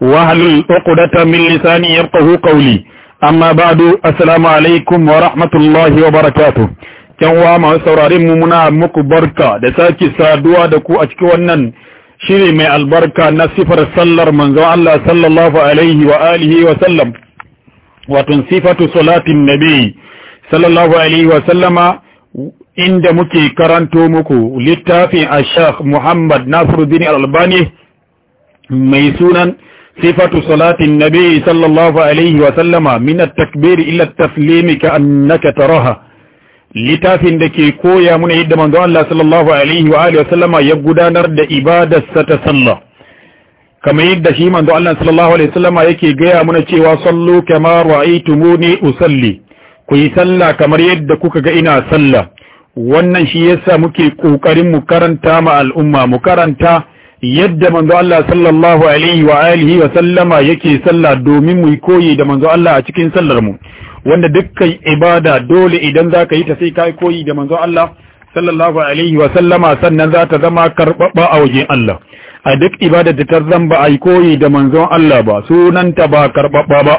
wahalul uqdata min lisani yafqahu qawli amma ba'du assalamu alaikum wa rahmatullahi wa barakatuh kan wa masu saurarin mu muna muku barka da sake saduwa da ku a cikin wannan shiri mai albarka na sifar sallar manzon Allah sallallahu alaihi wa alihi wa sallam wato sifatu salatin nabi sallallahu alaihi wa sallama inda muke karanto muku littafin ashaf Muhammad Nasiruddin Albani mai sunan Sifatu-salatin صفة sallallahu alaihi wa sallama, عليه وسلم من التكبير إلى التسليم كأنك تراها littafin da ke koya muna yadda manzo Allah sallallahu alaihi wa alihi wasallama ya gudanar da ibadarsa ta salla. kamar yadda shi manzo Allah sallallahu alaihi wa sallama yake gaya muna cewa sallu kama ra'aytumuni usalli ku yi salla kamar yadda kuka ga ina salla." wannan shi yasa muke kokarin mu karanta ma al'umma mu karanta yadda manzo Allah sallallahu alaihi wa alihi wa sallama yake sallah domin mu koyi da manzo Allah a cikin sallar mu wanda dukkan ibada dole idan zaka yi ta sai kai koyi da manzo Allah sallallahu alaihi wa sallama sannan za ta zama karbabba a wajen Allah a duk ibada da ta zamba ai koyi da manzo Allah ba sunanta ba karbabba ba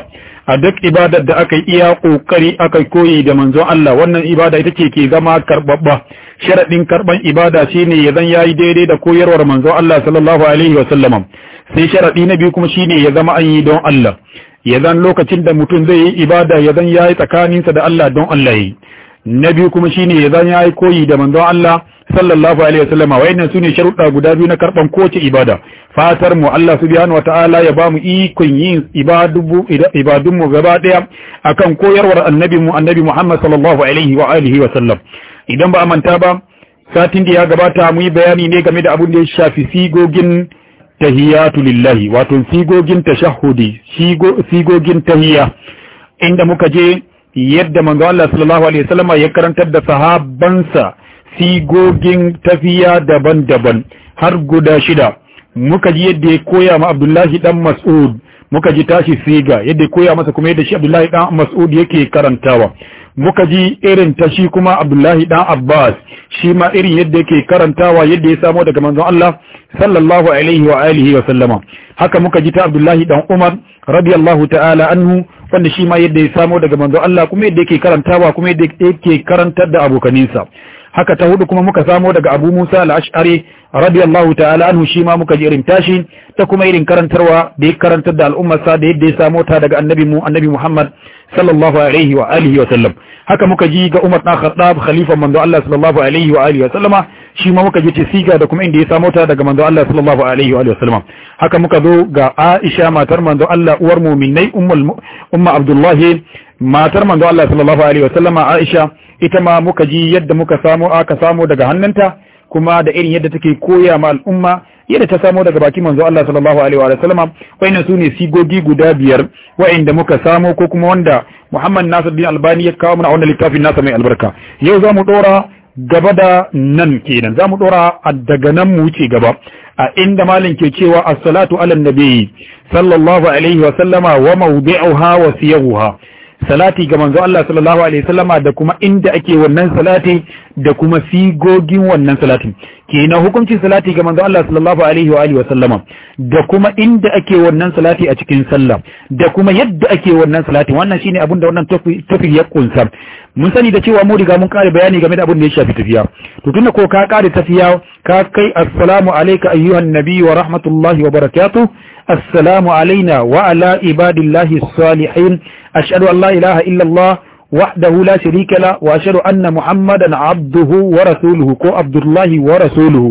a duk ibadar da aka yi iya kokari aka koyi da manzon Allah wannan ibada ita ce ke zama karbabba sharadin karban ibada shine ya zan yayi daidai da koyarwar manzon Allah sallallahu alaihi wa sallama sai sharadi na biyu kuma shine ya zama an yi don Allah ya zan lokacin da mutum zai yi ibada ya zan yayi tsakaninsa da Allah don Allah yi na biyu kuma shine ya zan yayi koyi da manzon Allah sallallahu alaihi wa sallama wayannan sune sharuɗa guda biyu na karban kowace ibada fatar mu Allah subhanahu wataala ya bamu ikon yin ibadun mu gaba daya akan koyarwar annabi mu annabi Muhammad sallallahu alaihi wa alihi wa sallam idan ba manta ba satin da ya gabata mu yi bayani ne game da abun da ya shafi sigogin tahiyatu lillahi wato sigogin tashahhudi sigogin tahiyya inda muka je yadda manzo Allah sallallahu alaihi ya karantar da sahabbansa sigogin tafiya daban-daban har guda shida muka ji yadda ya koya ma Abdullahi dan Mas'ud muka ji tashi siga yadda ya koya masa kuma yadda shi Abdullahi dan Mas'ud yake karantawa muka ji irin ta shi kuma Abdullahi dan Abbas shi ma irin yadda yake karantawa yadda ya samo daga manzon Allah sallallahu alaihi wa alihi wa sallama haka muka ji ta Abdullahi dan Umar radiyallahu ta'ala anhu wanda shi ma yadda ya samo daga manzon Allah kuma yadda yake karantawa kuma yadda yake karantar da abokaninsa haka ta hudu kuma muka samo daga Abu Musa al-Ash'ari radiyallahu ta'ala anhu shi ma muka ji irin tashi ta kuma irin karantarwa da ya karantar da al'ummar sa da yadda ya samo ta daga annabi mu annabi Muhammad sallallahu alaihi wa alihi wa sallam haka muka ji ga Umar dan Khattab khalifan manzo Allah sallallahu alaihi wa alihi wa sallama shi ma muka ji ce siga da kuma inda ya samo ta daga manzo Allah sallallahu alaihi wa alihi wa sallama haka muka zo ga Aisha matar manzo Allah uwar mu'minai ummul umma Abdullahi matar manzo Allah sallallahu alaihi wa Aisha ita ma muka ji yadda muka samu aka samu daga hannunta kuma da irin yadda take koya ma al'umma yadda ta samo daga baki manzo Allah sallallahu alaihi wa sallama wayannan sune sigogi guda biyar wayanda muka samo ko kuma wanda Muhammad Nasiruddin Albani ya kawo mana a wannan littafin nasa mai albarka yau zamu dora gaba da nan kenan zamu dora daga nan mu wuce gaba a inda malin ke cewa as-salatu ala nabi sallallahu alaihi wa wa mawdi'uha wa siyaguha salati ga manzo Allah sallallahu alaihi wasallama da kuma inda ake wannan salati da kuma sigogin wannan salatin kenan hukuncin salati ga manzo Allah sallallahu alaihi wa alihi wasallama da kuma inda ake wannan salati a cikin sallah da kuma yadda ake wannan salati wannan shine abin da wannan tafi ya kunsa mun sani da cewa mu riga mun kare bayani game da abin da ya shafi tafiya to tunda ko ka kare tafiya ka kai assalamu alayka ayyuhan Nabiyyu wa rahmatullahi wa barakatuh السلام علينا وعلى عباد الله الصالحين أشهد أن لا إله إلا الله وحده لا شريك له وأشهد أن محمدا عبده ورسوله كو عبد الله ورسوله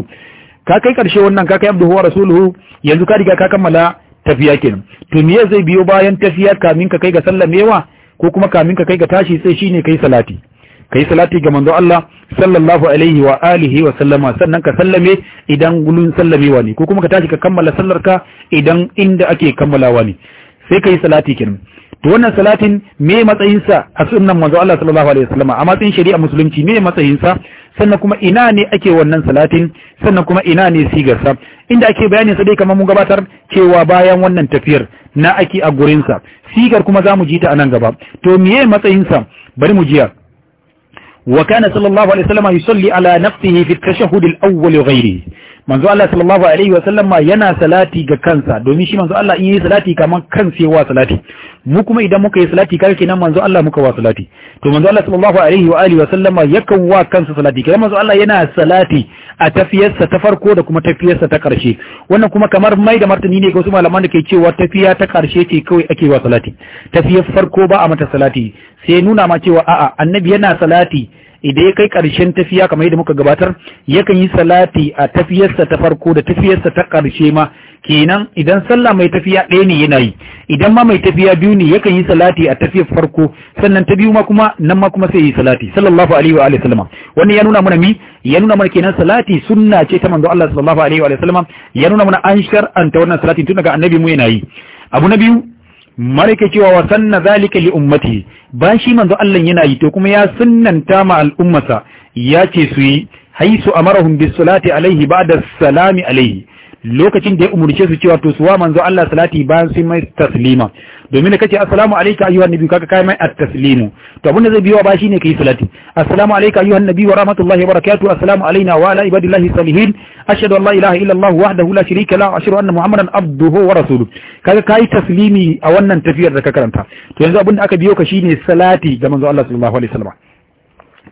كاكي كرشي ونن كاكي عبده ورسوله يلو كاريكا كاكا ملا tafiya kenan to me zai biyo bayan tafiya kamin ka kai ga sallamewa ko kuma kamin ka kai ga tashi sai shine kai salati kai salati ga manzo Allah sallallahu alaihi wa alihi wa sallama sannan ka sallame idan gulun sallamewa ne ko kuma ka tashi ka kammala sallarka idan inda ake kammalawa ne sai kai salati kenan to wannan salatin me matsayin sa a sunnan manzo Allah sallallahu alaihi wa wasallama a matsayin shari'a musulunci me matsayin sa sannan kuma ina ne ake wannan salatin sannan kuma ina ne sigar sa inda ake bayani sa dai kamar mun gabatar cewa bayan wannan tafiyar na ake a gurin sa sigar kuma zamu ji ta anan gaba to me matsayin sa bari mu jiya وكان صلى الله عليه وسلم يصلي على نفسه في التشهد الأول وغيره manzo Allah sallallahu alaihi wa sallam yana salati ga kansa domin shi manzo Allah in yi salati kaman kansa yawa salati mu kuma idan muka yi salati kar kenan manzo Allah muka wa salati to manzo Allah sallallahu alaihi wa alihi wa sallama yakan wa kansa salati kenan manzo Allah yana salati a tafiyarsa ta farko da kuma tafiyarsa ta karshe wannan kuma kamar mai da martani ne ga wasu malaman da ke cewa tafiya ta karshe ce kawai ake wa salati tafiyar farko ba a mata salati sai nuna ma cewa a'a annabi yana salati idan ya kai ƙarshen tafiya kamar yadda muka gabatar yakan yi salati a tafiyarsa ta farko da tafiyarsa ta ƙarshe ma kenan idan sallah mai tafiya ɗaya ne yana yi idan ma mai tafiya biyu ne yakan yi salati a tafiyar farko sannan ta biyu ma kuma nan ma kuma sai yi salati sallallahu alaihi wa alihi sallama wannan ya nuna mana mi ya nuna mana kenan salati sunna ce ta manzo Allah sallallahu alaihi wa alihi sallama ya nuna mana an shar'anta wannan salati tun daga annabi mu yana yi abu na biyu marike cewa wa sanna zalika li ummati ba shi manzo Allah yana yi to kuma ya sunnanta ma al'ummata ya ce su yi haisu amarahum bis salati alaihi ba'da salami alaihi lokacin da ya umurce su cewa to suwa manzo Allah salati bayan sun mai taslima domin da kace assalamu alayka ayyuhan nabi kaga kai mai at-taslimu to abinda zai biyo ba shine kai salati assalamu alayka ayyuhan nabi wa rahmatullahi wa barakatuh assalamu alayna wa ala ibadillahi salihin ashhadu an la ilaha illa Allah wahdahu la sharika lahu ashhadu anna muhammadan abduhu wa rasuluhu kaga kai taslimi a wannan tafiyar da ka karanta to yanzu abinda aka biyo ka shine salati ga manzo Allah sallallahu alaihi wasallam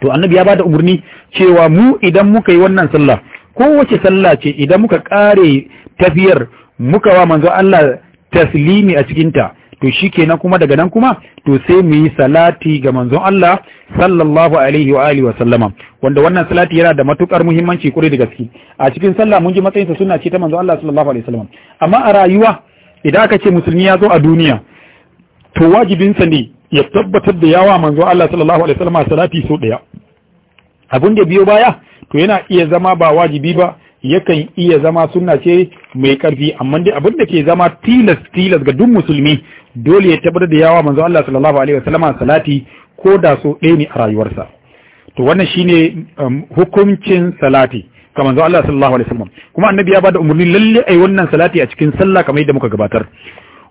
to annabi ya bada umurni cewa mu idan muka yi wannan sallah kowace sallah ce idan muka kare tafiyar muka wa manzo Allah taslimi a cikinta to shikenan kuma daga nan kuma to sai mu yi salati ga manzon Allah sallallahu alaihi wa alihi wa sallama wanda wannan salati yana da matukar muhimmanci kure da gaske a cikin sallah mun ji matsayin sa sunna ce ta manzon Allah sallallahu alaihi wa sallama amma a rayuwa idan aka ce musulmi ya zo a duniya to wajibin sa ne ya tabbatar da yawa manzon Allah sallallahu alaihi wa sallama salati so daya abun da biyo baya to yana iya zama ba wajibi ba yakan iya zama sunna ce mai karfi amma dai abin da ke zama tilas tilas ga duk musulmi dole ya tabbatar da yawa manzo Allah sallallahu alaihi wasallama salati ko da so ɗaya ne a rayuwarsa to wannan shine um, hukuncin salati ka manzo Allah sallallahu alaihi wasallam kuma annabi ya bada umarni lalle ai wannan salati a cikin sallah kamar yadda muka gabatar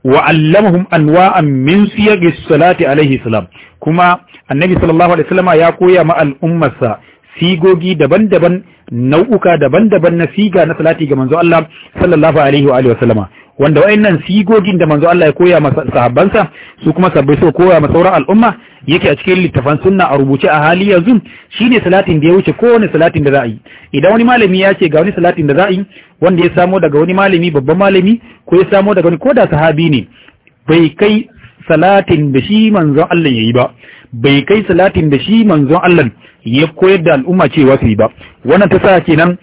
wa allamahum anwa'an min siyagis salati alaihi salam kuma annabi sallallahu alaihi wasallama ya koya ma al'ummarsa sigogi daban-daban nau'uka daban-daban na siga na salati ga manzo Allah sallallahu alaihi wa alihi wasallama wanda wayannan sigogin da manzo Allah ya koya masa sahabbansa su kuma sabbai so koya masa sauran al'umma yake a cikin littafan sunna a rubuce a hali yanzu shine salatin da ya wuce kowane salatin da za a yi idan wani malami ya ce ga wani salatin da za a yi wanda ya samo daga wani malami babban malami ko ya samo daga wani koda sahabi ne bai kai salatin da shi manzon Allah yayi ba bai kai salatin da shi manzon Allah ya koyar da al'umma cewa su yi ba wannan ta sa kenan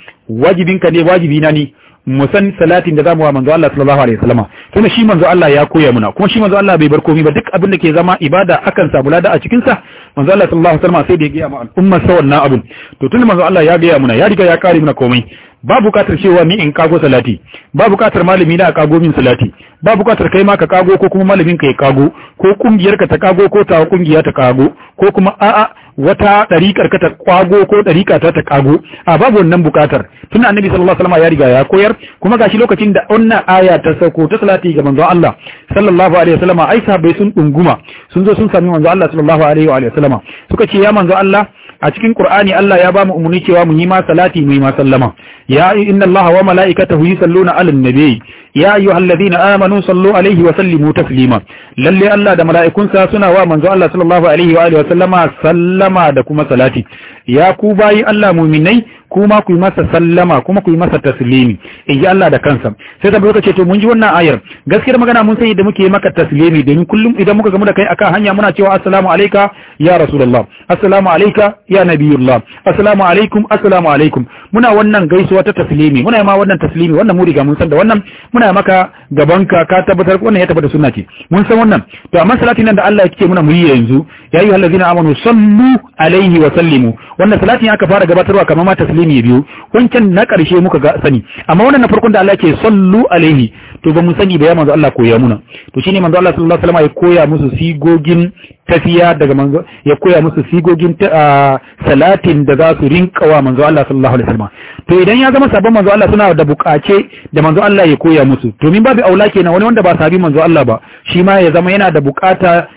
wajibinka ne wajibina na ne mu san salatin da zamu wa manzo Allah sallallahu alaihi wasallama kuma shi manzo Allah ya koya muna kuma shi manzo Allah bai bar komai ba duk abin da ke zama ibada akan samu lada a cikin sa manzo Allah sallallahu alaihi wasallama sai da ya ga ma al'umma sa wannan abun to tun manzo Allah ya gaya muna ya riga ya kare muna komai ba bukatar cewa ni in kago salati ba bukatar malami na kago min salati ba bukatar kai ma ka kago ko kuma malamin ka ya kago ko kungiyar ka ta kago ko ta kungiya ta kago ko kuma a'a wata ɗariƙar ka ta ƙwago ko ɗariƙa ta ta ƙago a babu wannan buƙatar tun annabi sallallahu alaihi wasallam ya riga ya koyar kuma gashi lokacin da wannan aya ta sauko ta salati ga manzo Allah sallallahu alaihi wasallam ai sahabbai sun dunguma sun zo sun sami manzo Allah sallallahu alaihi wasallam suka ce ya manzo Allah a cikin Qur'ani Allah ya ba mu umarni cewa mu yi ma salati mu yi ma sallama ya inna Allah wa mala'ikatahu yusalluna 'alan nabiy ya ayyuhalladhina amanu sallu 'alaihi wa sallimu taslima lalle Allah da mala'ikunsa suna wa manzo Allah sallallahu alaihi wa alihi wa sallama sallama da kuma salati ya ku bayi Allah mu'minai kuma ku yi masa sallama kuma ku yi masa taslimi in ji Allah da kansa sai tabbata kace to mun ji wannan ayar gaskiyar magana mun san yadda muke maka taslimi domin kullum idan muka gamu da kai akan hanya muna cewa assalamu alayka ya rasulullah assalamu alayka ya nabiyullah assalamu alaikum assalamu alaikum muna wannan gaisuwa ta taslimi muna ma wannan taslimi wannan mu ga mun san da wannan muna maka gaban ka ka tabbatar wannan ya tabbata sunna ce mun san wannan to amma salatin nan da Allah yake muna mu yi yanzu ya ayyuhallazina amanu sallu alaihi wa sallimu wannan salatin aka fara gabatarwa kamar ma taslimi kalimi biyu wancan na ƙarshe muka ga sani amma wannan na farkon da Allah ke sallu alaihi to ba mu sani ba ya manzo Allah koya muna to shine manzo Allah sallallahu alaihi wasallam ya koya musu sigogin tafiya daga manzo ya koya musu sigogin salatin da za su rinka wa manzo Allah sallallahu alaihi wasallam to idan ya zama sabon manzo Allah suna da bukace da manzo Allah ya koya musu to min babu aula kenan wani wanda ba sabi manzo Allah ba shi ma ya zama yana da bukata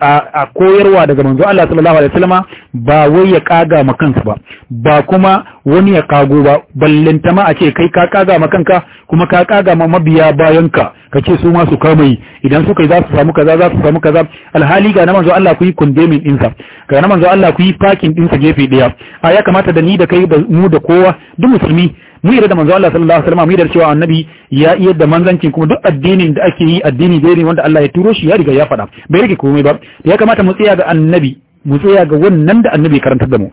a koyarwa daga manzo Allah sallallahu alaihi wasallam ba wai ya kaga ma kansa ba ba kuma wani ya kago ba ballantama a ce kai ka kaga ma kanka kuma ka kaga ma mabiya bayanka ka ce su masu kama'i idan suka yi za su samu kaza za su samu kaza alhali ga na manzo Allah ku yi kundemin ɗinsa ga na manzo Allah ku yi fakin ɗinsa gefe ɗaya a ya kamata da ni da kai da mu da kowa duk musulmi mu yarda da manzo Allah sallallahu alaihi wasallam mu yarda cewa annabi ya yi da manzancin kuma duk addinin da ake yi addini dai ne wanda Allah ya turo shi ya riga ya faɗa bai rike komai ba ya kamata mu tsaya ga annabi mu tsaya ga wannan da annabi karantar da mu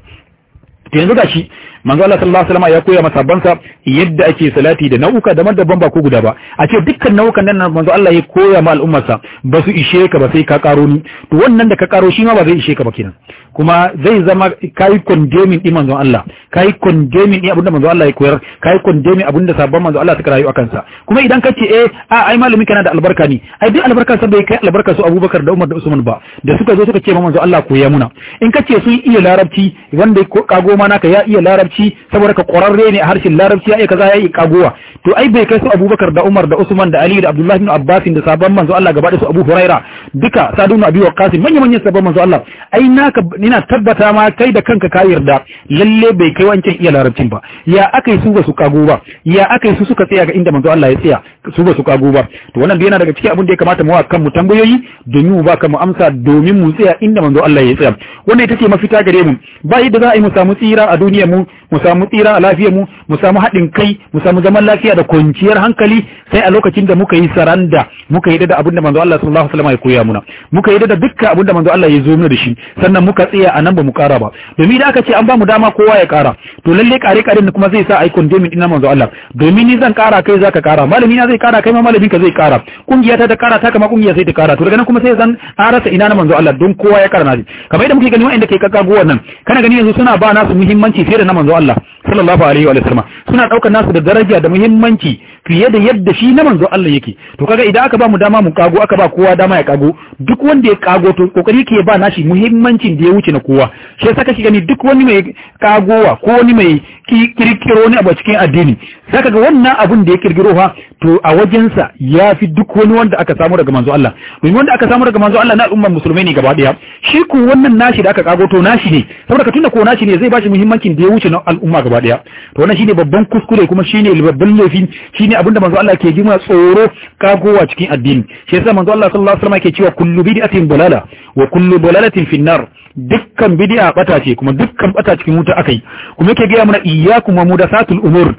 yanzu gashi manzo Allah sallallahu alaihi wasallam ya koya masabbansa yadda ake salati da nau'uka da daban ba ko guda ba a ce dukkan nau'ukan nan manzo Allah ya koya ma al'ummarsa ba su ishe ka ba sai ka karo ni to wannan da ka karo shi ma ba zai ishe ka ba kenan kuma zai zama kai condemning din manzo Allah kai condemning din abinda manzo Allah ya koyar kai condemning abinda sabban manzo Allah suka rayu akan sa kuma idan ka ce eh a ai malami kana da albarka ne ai duk albarkar sa bai kai albarkar su Abubakar da Umar da Usman ba da suka zo suka ce ma manzo Allah koya muna in ka ce sun iya larabci wanda kago ma naka ya iya larabci larabci saboda ka ƙwararre ne a harshen larabci ya kaza ya yi kaguwa to ai bai kai su abubakar da umar da usman da ali da abdullahi bin abbas da sabon manzo Allah gaba da su abu huraira duka sadu bin abi waqas manya manyan sabon manzo Allah ai ka ina tabbata ma kai da kanka ka yarda lalle bai kai wancan iya larabcin ba ya akai su ba su kago ba ya akai su suka tsaya ga inda manzo Allah ya tsaya su ba su kago ba to wannan yana daga cikin abin da ya kamata mu wa kanmu tambayoyi domin mu ba mu amsa domin mu tsaya inda manzo Allah ya tsaya wannan ita ce mafita gare mu ba yadda za a yi mu samu tsira a duniyar mu mu samu tsira a lafiyar mu mu samu haɗin kai mu samu zaman lafiya da kwanciyar hankali sai a lokacin da muka yi saranda muka yi da abin da manzo Allah sallallahu alaihi wasallam ya koya muna muka yi da dukkan abin da manzo Allah ya zo mana da shi sannan muka tsaya a nan ba mu ƙara ba domin da aka ce an ba mu dama kowa ya ƙara to lalle ƙare ƙaren kuma zai sa ai kondomin din manzo Allah domin ni zan ƙara kai zaka ƙara malami na zai ƙara kai ma malamin ka zai ƙara kungiya ta ta ƙara ta kama kungiya sai ta ƙara to daga nan kuma sai zan arasa ina na manzo Allah don kowa ya ƙara nazi kamar yadda muke gani wa'anda ke kakkagowa nan kana gani yanzu suna ba nasu muhimmanci fiye da na manzo Allah Allah sallallahu alaihi wa sallam suna daukar nasu da daraja da muhimmanci fiye da yadda shi na manzo Allah yake to kaga idan aka ba mu dama mu kago aka ba kowa dama ya kago duk wanda ya kago to kokari yake ba nashi muhimmancin da ya wuce na kowa shi yasa kashi gani duk wani mai kagowa ko wani mai kirkiro ne a cikin addini zaka ga wannan abun da ya kirgiro fa to a wajensa ya fi duk wani wanda aka samu daga manzo Allah domin wanda aka samu daga manzo Allah na al'ummar musulmai ne gaba daya shi ko wannan nashi da aka kago to nashi ne saboda tunda ko nashi ne zai bashi muhimmancin da ya wuce na al'umma gaba daya to wannan shine babban kuskure kuma shine babban laifi shine abinda manzo Allah ke jima tsoro kagowa cikin addini shi yasa manzo Allah sallallahu alaihi wasallam ke cewa kullu bid'atin balala wa kullu balalatin finnar dukkan bid'a bata ce kuma dukkan bata cikin wuta akai kuma yake ga mana iyyakum wa mudasatul umur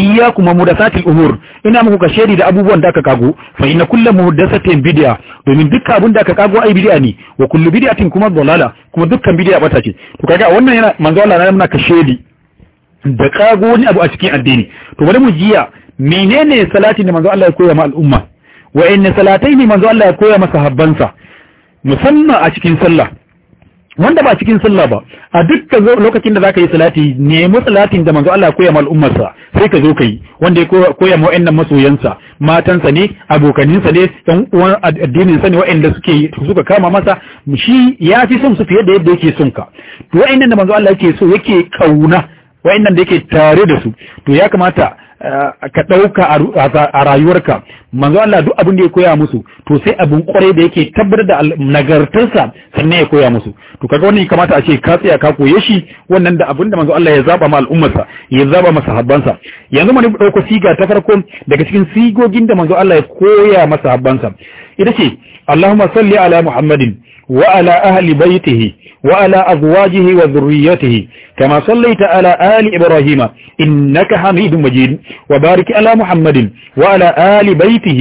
iyyakum wa muhdathatil umur ina muku kashedi da abubuwan da aka kago fa inna kullu muhdathatin bid'a domin dukkan abun da aka kago ai bid'a ne wa kullu bid'atin kuma dalala kuma dukkan bid'a bata ce to kaga wannan yana manzo Allah na muna da kago wani abu a cikin addini to bari mu jiya menene salati da manzo Allah ya koya ma al'umma wa inna salataini ne manzo Allah ya koya masa habbansa musamman a cikin sallah wanda ba cikin sallah ba a dukkan lokacin da zaka yi salati nemi salatin da manzo Allah koya mal ummarsa sai ka zo ka yi wanda ya koya ma wayannan masoyansa matansa ne abokaninsa ne dan uwan addinin sa ne wayanda suke suka kama masa shi ya fi son su fiye da yadda yake son ka to wayannan da manzo Allah yake so yake kauna wayannan da yake tare da su to ya kamata eh, ka ɗauka a rayuwarka manzo Allah duk abin da ya koya musu to sai abin kwarai da yake tabbatar da nagartarsa sannan ya koya musu to kaga wannan kamata a ce ka tsaya ka koye shi wannan da abin da manzo Allah ya zaba ma al'ummarsa ya zaba ma sahabbansa yanzu mun dauko siga ta farko daga cikin sigogin da manzo Allah ya koya ma sahabbansa ita ce Allahumma salli ala Muhammadin وعلى أهل بيته وعلى أزواجه وذريته كما صليت على آل إبراهيم إنك حميد مجيد وبارك على محمد وعلى آل بيته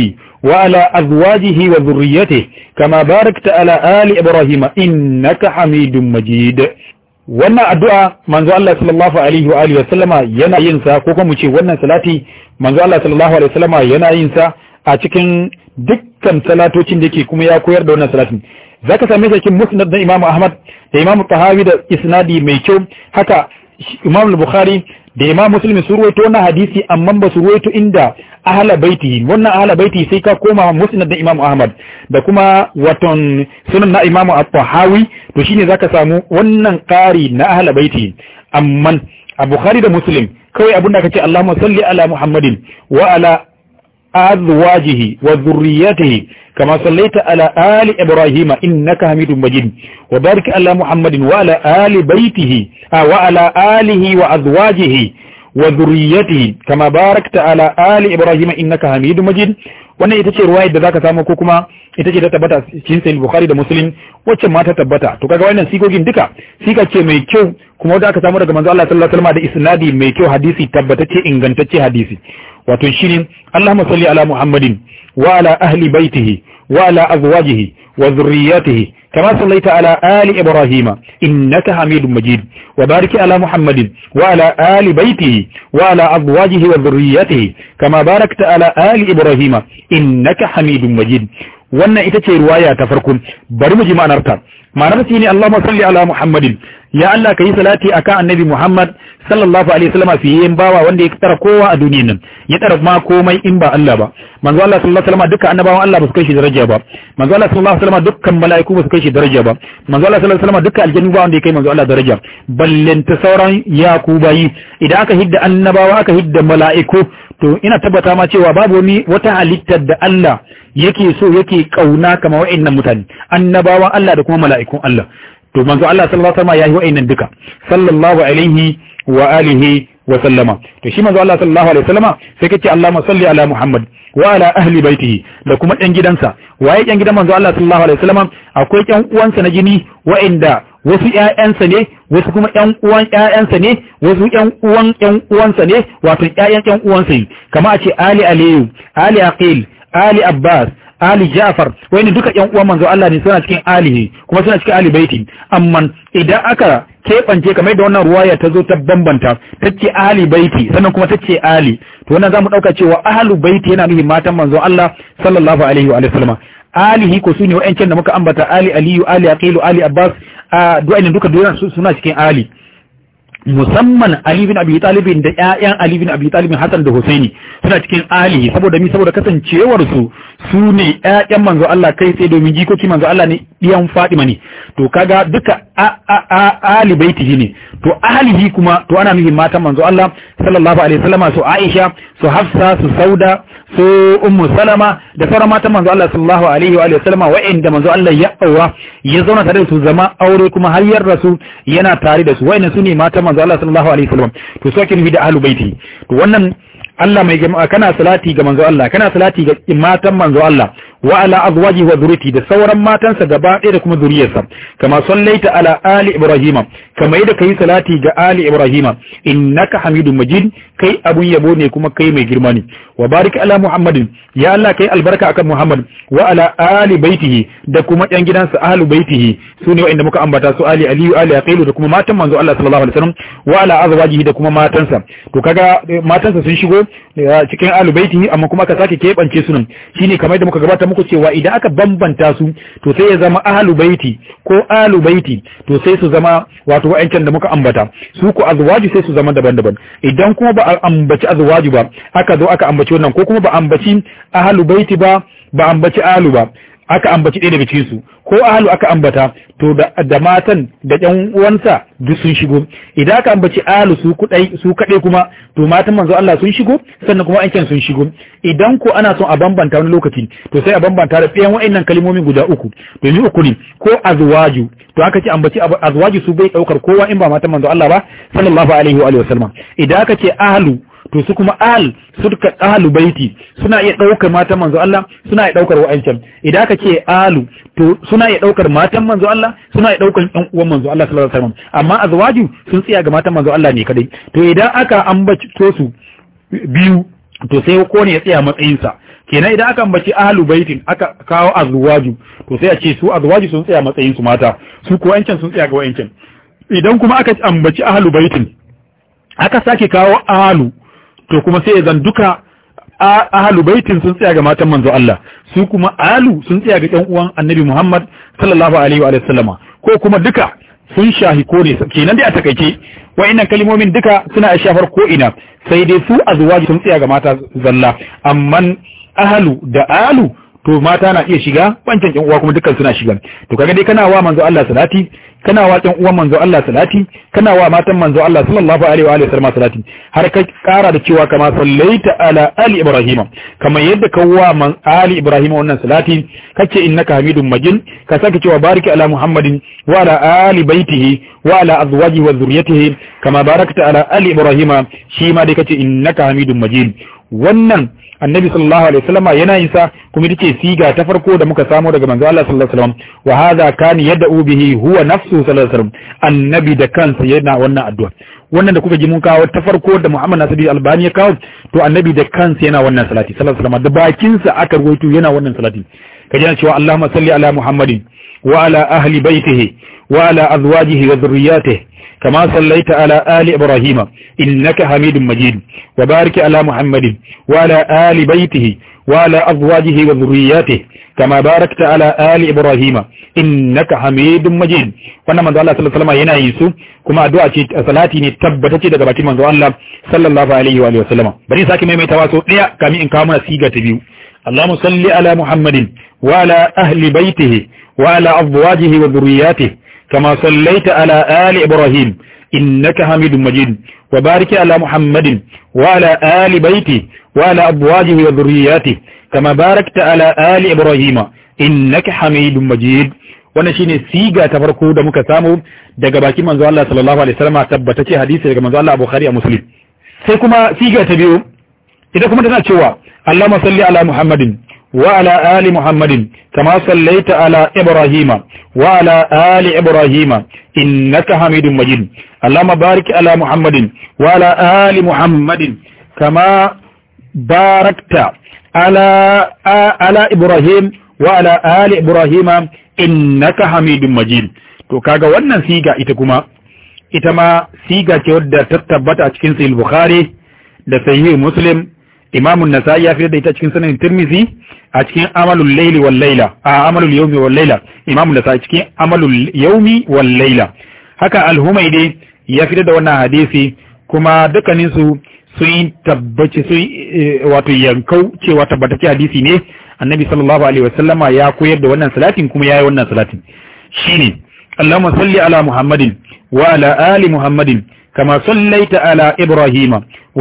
وعلى أزواجه وذريته كما باركت على آل إبراهيم إنك حميد مجيد وانا الدعاء منذ الله صلى الله عليه وآله وسلم ينا ينسى كوكم وشي وانا سلاتي منذ الله صلى الله عليه وسلم ينا ينسى أتكن دكتن سلاتو تندكي كميا كوير دون سلاتي za ka sami cikin musnad na Imam Ahmad da Imam Tahawi da isnadi mai kyau haka Imam Bukhari da Imam Muslim sun ruwaito wannan hadisi amma ba su ruwaito inda ahla baiti wannan ahla baiti sai ka koma musnad da Imam Ahmad da kuma waton sunan na Imam At-Tahawi to shine zaka samu wannan ƙari na ahla baiti amma a Bukhari da Muslim kawai abinda kace Allahumma salli ala Muhammadin wa ala أزواجه وذريته كما صليت على آل إبراهيم إنك حميد مجيد وبارك على محمد وعلى آل بيته وعلى آله وأزواجه وذريته كما باركت على آل إبراهيم إنك حميد مجيد wannan ita ce ruwayar da zaka samu ko kuma ita ce ta tabbata cikin sahih bukhari da muslim wacce ma ta tabbata to kaga wannan sigogin duka sika ce mai kyau kuma wanda aka samu daga manzo Allah sallallahu alaihi wasallam da isnadi mai kyau hadisi tabbatacce ingantacce hadisi wato shine Allahumma salli ala Muhammadin wa ala ahli baitihi wa ala azwajihi wa dhurriyyatihi كما صليت على آل إبراهيم إنك حميد مجيد وبارك على محمد وعلى آل بيته وعلى أزواجه وذريته كما باركت على آل إبراهيم إنك حميد مجيد wannan ita ce riwaya ta farko bari mu ji ma'anarta ma'anar ta ne Allahumma salli ala Muhammadin ya Allah ka yi salati akan annabi Muhammad sallallahu alaihi wasallam fi yin bawa wanda ya tsara kowa a duniyar nan ya tsara ma komai in ba Allah ba manzo Allah sallallahu alaihi wasallam duka annabawan Allah ba su kai shi daraja ba manzo Allah sallallahu alaihi wasallam dukkan mala'iku ba su kai shi daraja ba manzo Allah sallallahu alaihi wasallam dukkan aljannu ba wanda ya kai manzo Allah daraja ballanta sauran yakubayi idan aka hidda annabawa aka hidda mala'iku to ina tabbata ma cewa babu wani wata halittar da Allah yake so yake kauna kama wa'annan mutane annabawan Allah da kuma mala'ikun Allah to manzo Allah sallallahu alaihi wasallam yayi wa'annan duka sallallahu alaihi wa alihi wa sallama to shi manzo Allah sallallahu alaihi wasallama sai kace Allahumma salli ala Muhammad wa ala ahli baitihi da kuma ɗan gidansa waye ɗan gidan manzo Allah sallallahu alaihi wasallama akwai ɗan uwansa na jini wa'anda wasu ƴaƴansa ne wasu kuma ƴan uwan ƴaƴansa ne wasu ƴan uwan ne wato ƴaƴan ƴan uwansa ne kama a ce ali aliyu ali aqil ali abbas ali ja'far ne duka yanuwan uwan manzo Allah ne suna cikin alihi kuma suna cikin ali baiti amma idan aka keɓance kamar da wannan ruwaya ta zo ta bambanta ta ce Ali baiti sannan kuma ta ce ali to wannan za zamu dauka cewa Ali baiti yana nufin matan manzo Allah sallallahu alaihi wa sallama. alihi ko ne wa’yancin da muka ambata ali aliyu ali aqilu ali abbas a du'ayin duka duran suna cikin ali musamman Ali bin Abi Talibin da ƴaƴan Ali bin Abi Talibin Hassan da Husaini suna cikin Ali saboda mi saboda kasancewar su su ne ƴaƴan manzo Allah kai sai domin jikoki manzo Allah ne diyan Fatima ne to kaga duka Ali baitihi ne to ahlihi kuma to ana nufin matan manzo Allah sallallahu alaihi wasallama su Aisha su Hafsa su Sauda su ummu salama da sauran matan manzo Allah sallallahu alaihi wa sallama wa'inda manzo Allah ya aura ya zauna tare da su zama aure kuma har yar rasu yana tare da su wa'inda su ne matan manzo Allah sallallahu alaihi wa sallam to so kin da ahlu baiti to wannan Allah mai jama'a kana salati ga manzo Allah kana salati ga matan manzo Allah wa ala azwaji wa zuriyati da sauran matansa gaba ɗaya da kuma zuriyarsa kama sallaita ala ali ibrahima kama yadda kai salati ga ali ibrahima innaka hamidum majid kai abun yabo ne kuma kai mai girma ne wa barik ala muhammadin ya allah kai albarka akan muhammad wa ala ali baitihi da kuma yan gidansa ahlu baitihi su sune wa'anda muka ambata su ali aliyu ali aqilu da kuma matan manzo allah sallallahu alaihi wasallam wa ala azwajihi da kuma matansa to kaga eh, matansa sun shigo eh, cikin ahlu baitihi amma kuma aka sake kebance sunan shine kamar yadda muka gabatar muku cewa idan aka bambanta su to sai ya zama ahlu baiti ko alu baiti to sai su zama wato wa'ancan da muka ambata su ko azwaji sai su zama daban-daban idan kuma ba a ambaci azwaji ba aka zo aka ambaci wannan ko kuma ba ambaci ahlu baiti ba ba ambaci alu ba aka ambaci ɗaya daga cikin su ko ahalu aka ambata to da matan da ƴan uwansa duk sun shigo idan aka ambaci ahalu su kudai su kade kuma to matan manzo Allah sun shigo sannan kuma ayyukan sun shigo idan ko ana son a bambanta wani lokaci to sai a bambanta da ɗayan wa'annan kalmomin guda uku domin uku ne ko azwaju to aka ce ambaci azwaju su bai daukar kowa in ba matan manzo Allah ba sallallahu alaihi wa alihi wasallam idan aka ce ahalu to su kuma al suka Alu baiti suna iya ɗaukar matan manzo Allah suna iya ɗaukar wa'ancan idan aka ce alu to suna iya ɗaukar matan manzo Allah suna iya ɗaukar ɗan uwan manzo Allah sallallahu alaihi wasallam amma azwaju sun tsaya ga matan manzo Allah ne kadai to idan aka ambaci su biyu to sai ko ne ya tsaya matsayinsa kenan idan aka ambaci ahlu baitin aka kawo azwaju to sai a ce su azwaju sun tsaya matsayin su mata su ko yancan sun tsaya ga wa'ancan idan kuma aka ambaci ahlu baitin aka sake kawo ahlu to kuma sai ya zan duka ahalu baitin sun tsaya ga matan manzo Allah su kuma alu sun tsaya ga ɗan uwan annabi Muhammad sallallahu alaihi wa sallama ko kuma duka sun shahi ko ne kenan dai a takaice wa'annan kalimomin duka suna a shafar ko ina sai dai su azwaji sun tsaya ga mata zalla amma ahalu da alu to mata na iya shiga wancan ɗan uwa kuma dukkan suna shiga to kaga dai kana wa manzo Allah salati kana wa ɗan uwan manzo Allah salati kana wa matan manzo Allah sallallahu alaihi wa alihi wasallam salati har ka ƙara da cewa kama sallaita ala ali ibrahim kamar yadda ka wa man ali ibrahim wannan salati kake innaka hamidun majid ka saka cewa bariki ala muhammadin wa ala ali baitihi wa ala azwaji wa zurriyatihi kama barakta ala ali ibrahim shi ma dai kace innaka hamidun majid wannan annabi sallallahu alaihi wasallam yana yin sa kuma tace siga ta farko da muka samu daga manzo Allah sallallahu alaihi wasallam wa hadha kana yad'u bihi huwa nafsu sallallahu alaihi wasallam annabi da kansa yana wannan addu'a wannan da kuka ji mun kawo ta farko da Muhammad Nasiru Albani ya kawo to annabi da kansa yana wannan salati sallallahu alaihi wasallam da bakin sa aka ruwaito yana wannan salati kaje na cewa Allahumma salli ala Muhammadin wa ala ahli baitihi wa ala azwajihi wa dhurriyyatihi كما صليت على آل إبراهيم إنك حميد مجيد وبارك على محمد وعلى آل بيته وعلى أزواجه وذرياته كما باركت على آل إبراهيم إنك حميد مجيد وانا من الله صلى الله عليه وسلم ينا يسو كما دعا صلاتي نتبتت دقا باتي من الله صلى الله عليه وآله وسلم بني ساكي ميمي تواسو ليا كامي انكامنا سيغة بيو اللهم صل على محمد وعلى أهل بيته وعلى أزواجه وذرياته كما صليت على آل إبراهيم إنك حميد مجيد وبارك على محمد وعلى آل بيته وعلى أبواجه وذرياته كما باركت على آل إبراهيم إنك حميد مجيد wannan shine siga ta farko da muka samu daga bakin manzo Allah sallallahu alaihi wasallam tabbatace hadisi daga manzo Allah Bukhari a Muslim sai kuma siga ta biyu ita kuma tana cewa Allahumma salli ala Muhammadin وعلى آل محمد كما صليت على إبراهيم وعلى آل إبراهيم إنك حميد مجيد اللهم بارك على محمد وعلى آل محمد كما باركت على على إبراهيم وعلى آل إبراهيم إنك حميد مجيد to kaga wannan siga ita kuma ita ma siga ce wadda ta tabbata a cikin sahih bukhari da sahih muslim imamun nasa'i ya fitar da ita cikin sunan tirmizi a cikin amalul laili wal laila a amalul yawmi wal laila imamun nasa'i cikin amalul yawmi wal laila haka al-humaydi ya fitar da wannan hadisi kuma dukkanin su sun tabbaci sun eh, wato yankau cewa tabbatacce hadisi ne annabi sallallahu alaihi wasallama ya koyar da wannan salatin kuma yayi wannan salatin shine Allahumma salli ala Muhammadin wa ala ali Muhammadin كما صليت على إبراهيم ibrahima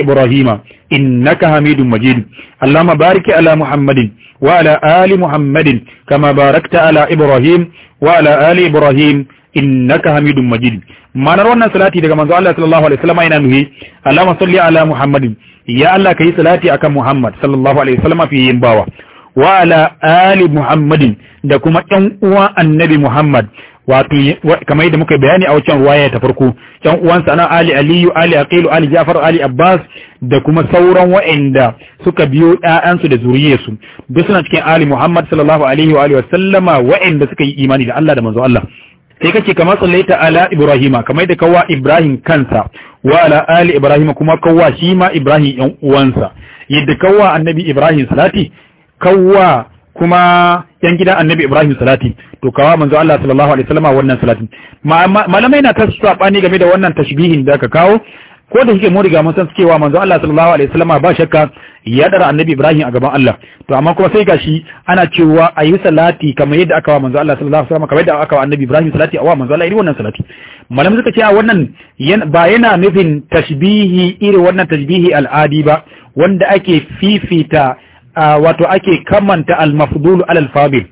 innaka إبراهيم إنك حميد مجيد ala بارك على محمد وعلى آل محمد كما ala على إبراهيم وعلى آل إبراهيم innaka hamidun majid ma'anar wannan salati daga manzo Allah sallallahu alaihi wasallam yana nuhi Allahumma salli ala Muhammadin ya Allah kai salati akan Muhammad sallallahu alaihi wasallam fi bawa wa ala ali Muhammadin da kuma ɗan uwa annabi Muhammad wato kamar yadda muka bayani a wancan ruwaya ta farko ƴan uwansa na Ali Aliyu Ali Aqilu Ali Ja'far Ali Abbas da kuma sauran waɗanda suka biyo ɗayansu da zuriyarsu duk suna cikin Ali Muhammad sallallahu alaihi wa alihi wasallama waɗanda suka yi imani da Allah da manzo Allah sai kace kamar sallaita ala Ibrahima kamar yadda kawa Ibrahim kansa wa ala ali Ibrahima kuma kawa shi ma Ibrahim ƴan uwansa yadda kawa annabi Ibrahim salati kawa kuma yan gida annabi ibrahim salati to kawa manzo Allah sallallahu alaihi wasallam wannan salati malamai na ta sabani game da wannan tashbihin da aka kawo ko da shike mu riga mun san cewa manzo Allah sallallahu alaihi wasallam ba shakka ya dara annabi Ibrahim a gaban Allah to amma kuma sai gashi ana cewa ayi salati kamar yadda aka wa manzo Allah sallallahu alaihi wasallam kamar yadda aka wa annabi Ibrahim salati awa manzo Allah irin wannan salati Malamai suka ce a wannan ba yana nufin tashbihi irin wannan tashbihi al'adi ba wanda ake fifita wato ake kamanta al-mafdulu alal fadil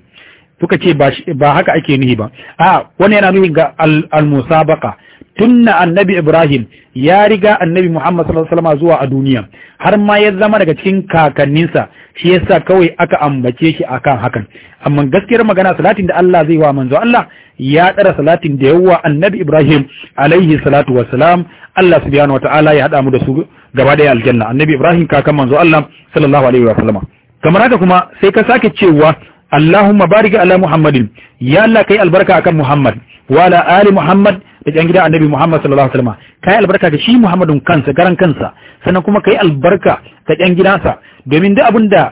suka ce ba haka ake nihi ba a wani yana nuhi ga al-musabaqa tunna annabi Ibrahim ya riga annabi Muhammad sallallahu alaihi zuwa a duniya har ma ya zama daga cikin kakanninsa shi yasa kawai aka ambace shi akan hakan amma gaskiyar magana salatin da Allah zai wa manzo Allah ya tsara salatin da yawa annabi Ibrahim alaihi salatu wassalam Allah subhanahu wataala ya hada mu da su gaba daya aljanna annabi Ibrahim kakan manzo Allah sallallahu alaihi sallama. kamar haka kuma sai ka sake cewa Allahumma barik ala Muhammadin ya Allah kai albarka akan Muhammad wa ala ali Muhammad da jan gida annabi Muhammad sallallahu alaihi wasallam kai albarka ga shi Muhammadun kansa garan kansa sannan kuma kai albarka ga jan gidansa domin duk abin da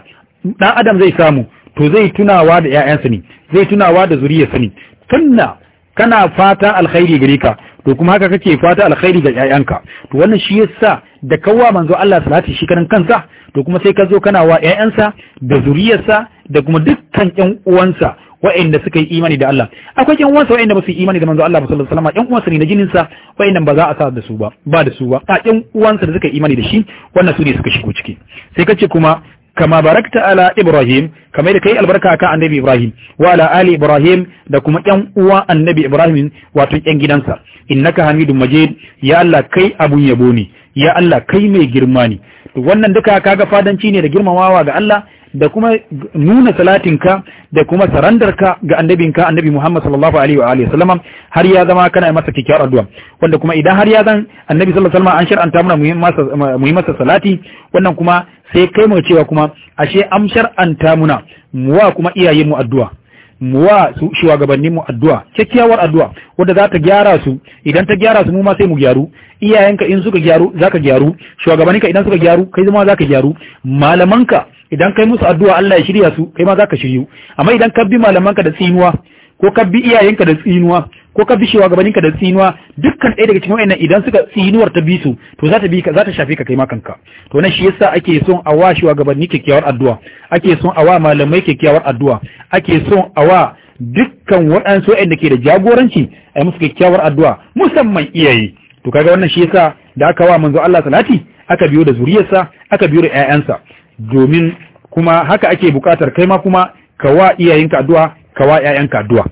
dan adam zai samu to zai tunawa da ƴaƴansa ne zai tunawa da zuriyarsa ne tunna kana fata alkhairi gare ka to kuma haka kake fata alkhairi ga ƴaƴanka to wannan shi yasa da kawwa manzo Allah salati shi karan kansa to kuma sai ka zo kana wa ƴaƴansa da zuriyarsa da kuma dukkan ƴan uwansa wa'anda suka yi imani da Allah akwai ƴan uwansa wa'anda basu su yi imani da manzo Allah sallallahu alaihi wasallam ƴan uwansa ne na jinin sa wa'anda ba za a sa da su ba ba da su ba a ƴan uwansa da suka yi imani da shi wannan su ne suka shigo ciki sai kace kuma kama barakta ala ibrahim kamar da kai albarka kan annabi ibrahim wa ala ali ibrahim da kuma yan uwa annabi ibrahim wato ƴan gidansa innaka hamidum majid ya Allah kai abun yabo ne ya Allah kai mai girma ne wannan duka kaga fadanci ne da girmamawa ga Allah da kuma nuna salatinka da kuma sarandarka ga annabinka annabi Muhammad sallallahu alaihi wa alihi wasallam har ya zama kana masa kikkiawar addu'a wanda kuma idan har ya zan annabi sallallahu alaihi wasallam an shar'anta muna muhimmansa salati wannan kuma sai kai mu cewa kuma ashe an shar'anta muna muwa kuma iyayen mu addu'a muwa su shugabannin mu addu'a kikkiawar addu'a wanda za ta gyara su idan ta gyara su mu ma sai mu gyaru iyayenka in suka gyaru zaka gyaru shugabanninka idan suka gyaru kai zama zaka gyaru malamanka idan kai musu addu'a Allah ya shirya su kai ma zaka shiryu amma idan ka bi malamanka da tsinuwa ko ka bi iyayenka da tsinuwa ko ka bi shugabanninka da tsinuwa dukkan ɗaya daga cikin wa'annan idan suka tsinuwar ta bi su to za ta bi za ta shafe ka kai ma kanka to nan shi yasa ake son a wa shugabanni kyakkyawar addu'a ake son a wa malamai kyakkyawar addu'a ake son a wa dukkan waɗansu wayanda ke da jagoranci a yi musu kyakkyawar addu'a musamman iyaye to kaga wannan shi yasa da aka wa manzo Allah salati aka biyo da zuriyarsa aka biyo da ƴaƴansa domin kuma haka ake bukatar kai ma kuma ka wa iyayenka addu'a ka wa ƴaƴanka addu'a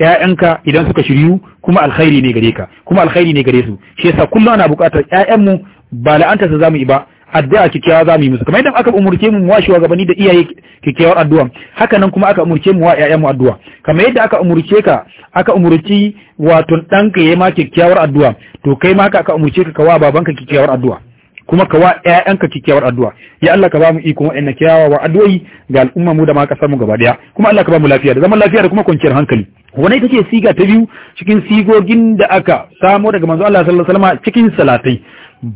ƴaƴanka idan suka shiryu kuma alkhairi ne gare ka kuma alkhairi ne gare su shi yasa kullum ana bukatar ƴaƴanmu ba la'anta su zamu yi ba addu'a kikkiawa zamu yi musu kamar idan aka umurce mu mu washewa gabani da iyaye kikkiawar addu'a haka nan kuma aka umurce mu wa ƴaƴanmu addu'a kamar yadda aka umurce ka aka umurci wato ɗanka yi ma kikkiawar addu'a to kai ma haka aka umurce ka ka wa babanka kikkiawar addu'a kuma ka wa ƴaƴanka kikkiawar addu'a ya Allah ka ba mu iko wa'annan kiyawawa addu'o'i ga al'umma mu da ma kasar mu gaba daya kuma Allah ka ba mu lafiya da zaman lafiya da kuma kwanciyar hankali wani ita ce siga ta biyu cikin sigogin da aka samo daga manzo Allah sallallahu alaihi wasallam cikin salatai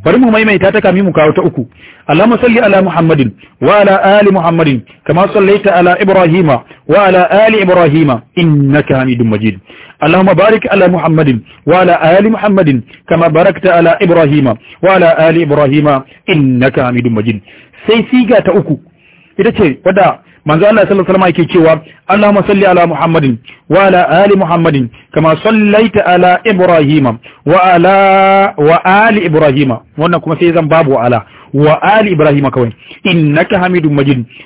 bari mu maimaita ta kami mu kawo ta uku Allahumma salli ala Muhammadin wa ala ali Muhammadin kama sallaita ala Ibrahima wa ala ali Ibrahima innaka Hamidum Majid اللهم بارك على محمد وعلى آل محمد كما باركت على إبراهيم وعلى آل إبراهيم إنك sai siga ta uku ita ce wadda manzo Allah sallallahu alaihi cewa Allahumma salli ala Muhammadin wa ala kama sallaita ala Ibrahim wa wa ali Ibrahim wannan kuma sai zan babu ala wa ali Ibrahim kawai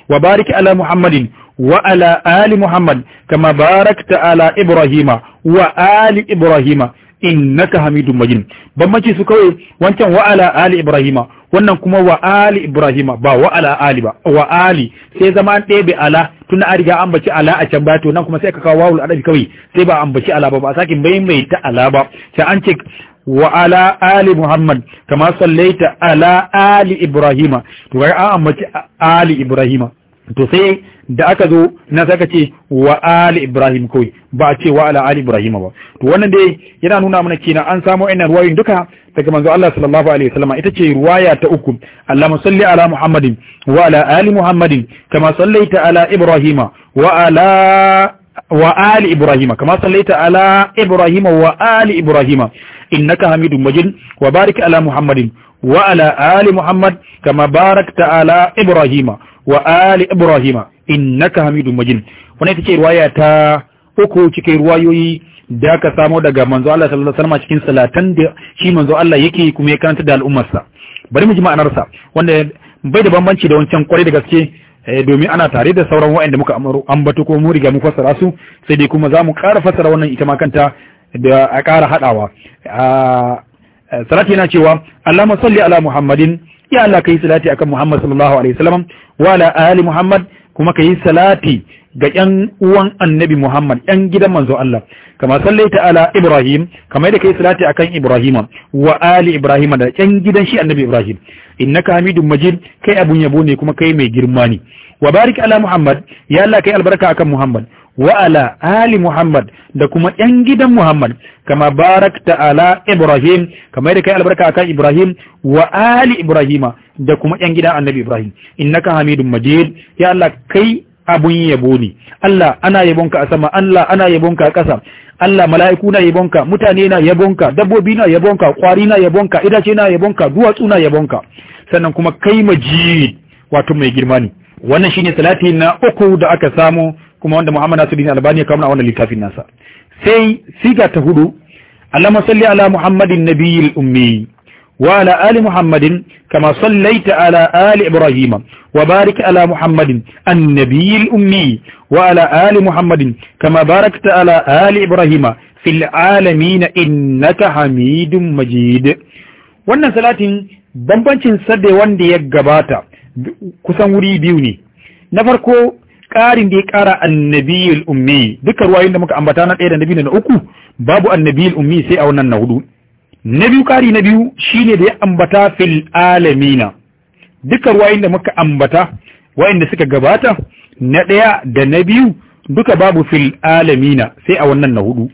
wa Muhammadin وعلى آل محمد كما باركت على إبراهيم وآل إبراهيم innaka hamidun majid bambanci su kawai wancan wa'ala ala ali ibrahima wannan kuma wa ali ibrahima ba wa ala ali ba wa ali sai zama an ɗebe ala tun an riga an baci ala a can baya to nan kuma sai ka kawo wawul adabi kawai sai ba an baci ala ba ba sake maimaita ala ba sai an ce wa ala ali muhammad kama sallaita ala ali ibrahima to ga an ambaci ali ibrahima to sai da aka zo na saka ce wa ali ibrahim kawai ba a ce wa ala ali ibrahim ba to wannan dai yana nuna mana kenan an samu ainihin ruwayoyin duka daga manzo Allah sallallahu alaihi wasallam ita ce ruwaya ta uku Allahumma salli ala muhammadin wa ala ali muhammadin kama sallaita ala ibrahima wa ala wa ali ibrahima kama sallaita ala ibrahima wa ali ibrahim innaka hamidum majid wa barik ala muhammadin wa ala ali muhammad kama barakta ala ibrahima wa ali ibrahim innaka hamidum majid wannan take riwaya ta uku cikin riwayoyi da ka samo daga manzo Allah sallallahu alaihi wasallam cikin salatan da shi manzo Allah yake kuma ya karanta da al'ummarsa bari mu ji ma'anarsa wanda bai da bambanci da wancan kwarai da gaske Eh, domin ana tare da sauran wa'anda muka ambato ko mu riga mu fassara su sai dai kuma za mu ƙara fassara wannan ita ma kanta da a ƙara haɗawa salati yana cewa Allahumma salli ala Muhammadin ya Allah kai salati akan Muhammad sallallahu alaihi wasallam wa ala ali Muhammad kuma kai salati ga yan uwan annabi Muhammad yan gidan manzo Allah kama sallai ta'ala Ibrahim kama yadda kai salati akan Ibrahim wa ali Ibrahim da yan gidan shi annabi Ibrahim innaka hamidun Majid kai abun yabo ne kuma kai mai girma ne wa barik ala Muhammad ya Allah kai albarka akan Muhammad wa ala ali Muhammad da kuma yan gidan Muhammad kama barak ala Ibrahim kama yadda kai albarka akan Ibrahim wa ali Ibrahima da kuma yan gidan annabi Ibrahim innaka hamidun Majid ya Allah kai abun yabo ne Allah ana yabonka a sama Allah ana yabonka a ƙasa Allah mala'iku na yabonka mutane na yabonka dabbobi na yabonka kwari na yabonka idace na yabonka duwatsu na yabonka sannan kuma kai majid wato mai girma ne wannan shine salati na uku da aka samu kuma wanda Muhammad Nasiruddin Albani ya kawo a wannan littafin nasa sai siga ta hudu Allahumma salli ala Muhammadin nabiyil ummi وعلى آل محمد كما صليت على آل إبراهيم وبارك على محمد النبي الأمي وعلى آل محمد كما باركت على آل إبراهيم في العالمين إنك حميد مجيد وانا سلاتي بمبانشن سد واندي يقباتا وري بيوني نفركو كارين دي كارا النبي الأمي ذكر وعين دمك أمبتانا إيرا نبينا نأكو باب النبي الأمي سيأونا نهدون na biyu kari na biyu shine da ya ambata fil alamina duka wayin da muka ambata wayanda suka gabata na daya da na biyu duka babu fil alamina sai a wannan na hudu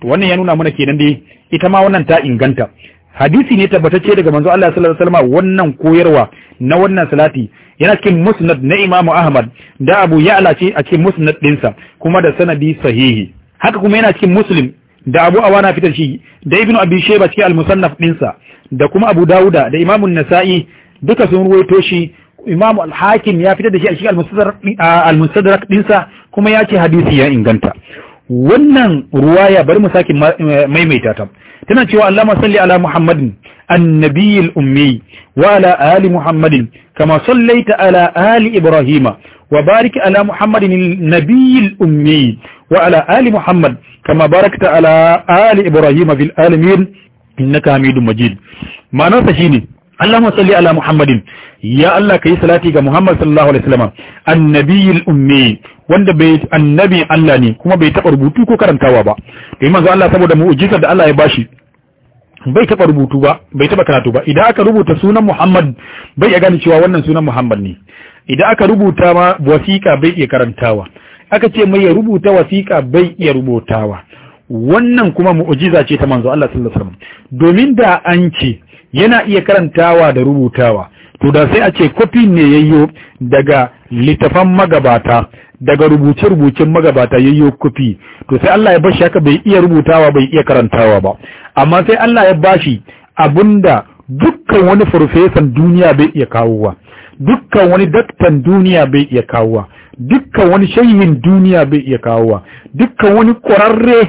to wannan ya nuna mana kenan dai ita ma wannan ta inganta hadisi ne tabbatacce daga manzo Allah sallallahu alaihi wasallam wannan koyarwa na wannan salati yana cikin musnad na Imam Ahmad da Abu Ya'la ce a cikin musnad dinsa kuma da sanadi sahihi haka kuma yana cikin Muslim da abu awana fitar shi da ibnu abi shayba cikin al-musannaf dinsa da kuma abu dauda da imam an nasa'i duka sun ruwaito shi imam al-hakim ya fitar da shi a cikin al-mustadrak dinsa kuma ya ce hadisi ya inganta wannan ruwaya bari mu saki maimaita ta tana cewa Allahumma salli ala Muhammadin annabiyil ummi wa ala ali Muhammadin kama sallaita ala ali Ibrahima wa barik ala Muhammadin nabiyil ummi وعلى آل محمد كما باركت على آل إبراهيم في العالمين إنك حميد مجيد ما نرتشيني اللهم صل على محمد يا الله كي صلاتي ga Muhammad sallallahu alaihi wasallam annabiyul ummi wanda bai annabi Allah ne kuma bai taɓa rubutu ko karantawa ba dai manzo Allah saboda mu'jizar da Allah ya bashi bai taɓa rubutu ba bai taɓa karatu ba idan aka rubuta sunan Muhammad bai ya gane cewa wannan sunan Muhammad ne idan aka rubuta ma wasiqa bai iya karantawa aka ce mai ya rubuta wasiƙa bai iya rubutawa wannan kuma mu'ujiza ce ta manzo Allah sallallahu alaihi wasallam domin da an ce yana iya karantawa da rubutawa to da sai a ce kofi ne yayyo daga littafan magabata daga rubuce-rubucen magabata yayyo kofi to sai Allah ya bashi haka bai iya rubutawa bai iya karantawa ba amma sai Allah ya bashi abunda dukkan wani farfesan duniya bai iya kawowa dukkan wani daktan duniya bai iya kawowa dukkan wani shayin duniya bai iya kawowa dukkan wani ƙwararre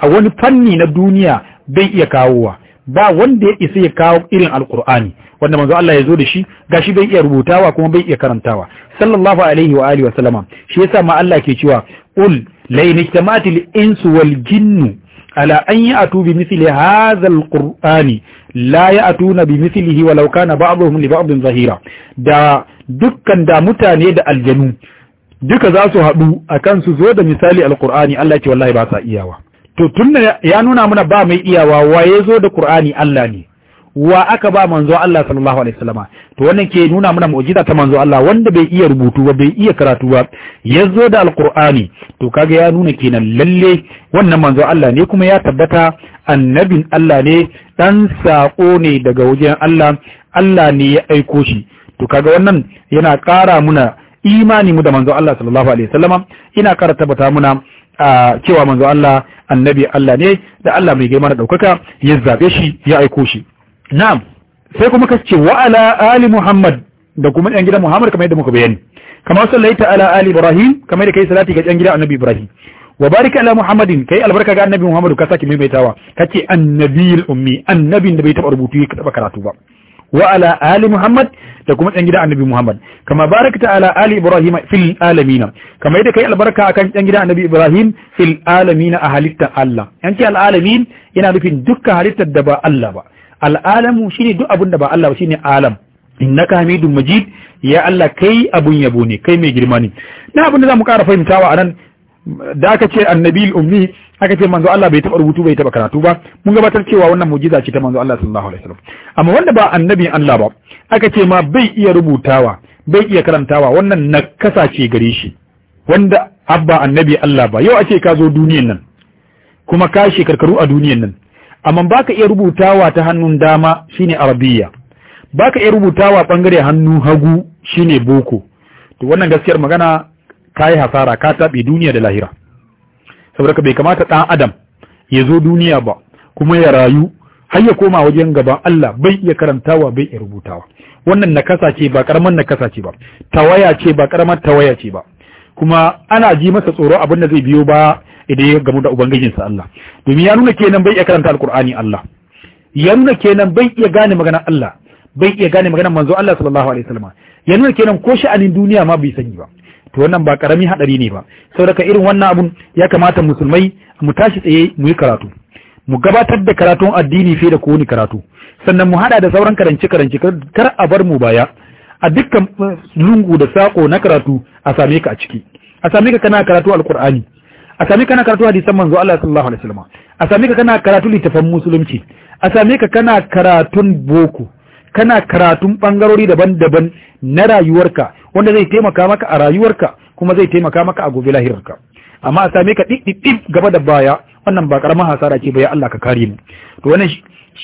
a wani fanni na duniya bai iya kawowa ba wanda ya isa ya kawo irin alkur'ani wanda manzo Allah ya zo da shi gashi bai iya rubutawa kuma bai iya karantawa sallallahu alaihi wa alihi wa sallama shi yasa ma Allah ke cewa ul la inijtama'ati al-insu wal jinnu ala an ya'tu bi mithli hadha al-qur'ani la ya'tuna bi mithlihi walau kana ba'dhum li ba'dhin zahira da dukkan da mutane da aljanu duka za su haɗu a kan su zo da misali alkur'ani Allah ce wallahi ba sa iyawa to tun ya nuna mana ba mai iyawa waye zo da ƙur'ani Allah ne wa aka ba manzo Allah sallallahu alaihi wasallama to wannan ke nuna mana mu'jiza ta manzo Allah wanda bai iya rubutu ba bai iya karatu ba ya zo da alƙur'ani to kaga ya nuna kenan lalle wannan manzo Allah ne kuma ya tabbata annabin Allah ne dan saƙo ne daga wajen Allah Allah ne ya aiko shi to kaga wannan yana ƙara muna imani mu da manzo Allah sallallahu alaihi wasallama ina kara tabbata muna cewa manzo Allah annabi Allah ne da Allah mai girma da daukaka ya zabe shi ya aiko shi na'am sai kuma kace wa ala ali muhammad da kuma yan gidan muhammad kamar yadda muka bayani kama sallaita ala ali ibrahim kamar yadda kai salati ga yan gidan annabi ibrahim wa barika ala muhammadin kai albarka ga annabi muhammadu ka saki maimaitawa kace annabiyul ummi annabin da bai taba rubutu ya taba karatu ba wa ala ali muhammad da kuma ɗan gida annabi Muhammad kama barakta ala ali ibrahim fil alamin kama yadda kai albarka akan ɗan gida annabi Ibrahim fil alamin a halitta Allah yanki al alamin yana nufin dukkan halittar da ba Allah ba al alamu shine duk abin da ba Allah ba shine alam innaka hamidun majid ya Allah kai abun yabo ne kai mai girma ne na abin da zamu ƙara fahimtawa a nan da aka ce annabi ummi aka ce manzo Allah bai taba rubutu bai taba karatu ba mun gabatar cewa wannan mu'jiza ce ta manzo Allah sallallahu alaihi wasallam amma wanda ba annabi Allah ba aka ce ma bai iya rubutawa bai iya karantawa wannan nakasa ce gare shi wanda abba annabi Allah ba yau ake ka zo duniyan nan kuma ka karkaru a duniyan nan amma baka iya rubutawa ta hannun dama shine arabiya baka iya rubutawa bangare hannu hagu shine boko to wannan gaskiyar magana kai hasara ka taɓe duniya da lahira saboda bai kamata ɗan adam ya zo duniya ba kuma ya rayu har ya koma wajen gaban Allah bai iya karantawa bai iya rubutawa wannan nakasa ce ba karamar nakasa ce ba tawaya ce ba karamar tawaya ce ba kuma ana ji masa tsoro abin da zai biyo ba idan ya gamu da ubangijinsa Allah domin ya nuna kenan bai iya karanta alkur'ani Allah ya nuna kenan bai iya gane maganar Allah bai iya gane maganar manzo Allah sallallahu alaihi wasallam ya nuna kenan ko sha'anin duniya ma bai sani ba to wannan ba karami hadari ne ba saboda irin wannan abun ya kamata musulmai mu tashi tsaye mu yi karatu mu gabatar da karatun addini fiye da kowane karatu sannan mu hada da sauran karance karance kar a bar mu baya a dukkan eh, lungu da sako na karatu a same ka a ciki a same ka kana karatu alqur'ani a same ka kana karatu hadisan manzo Allah sallallahu alaihi wasallam a same ka kana karatu littafan musulunci a same ka kana karatun boko kana karatun bangarori daban-daban na rayuwarka wanda zai taimaka maka a rayuwarka kuma zai taimaka maka a gobe lahirarka amma a same ka ɗiɗɗiɗɗi gaba da baya wannan ba karamin hasara ce ba ya Allah ka kare mu to wannan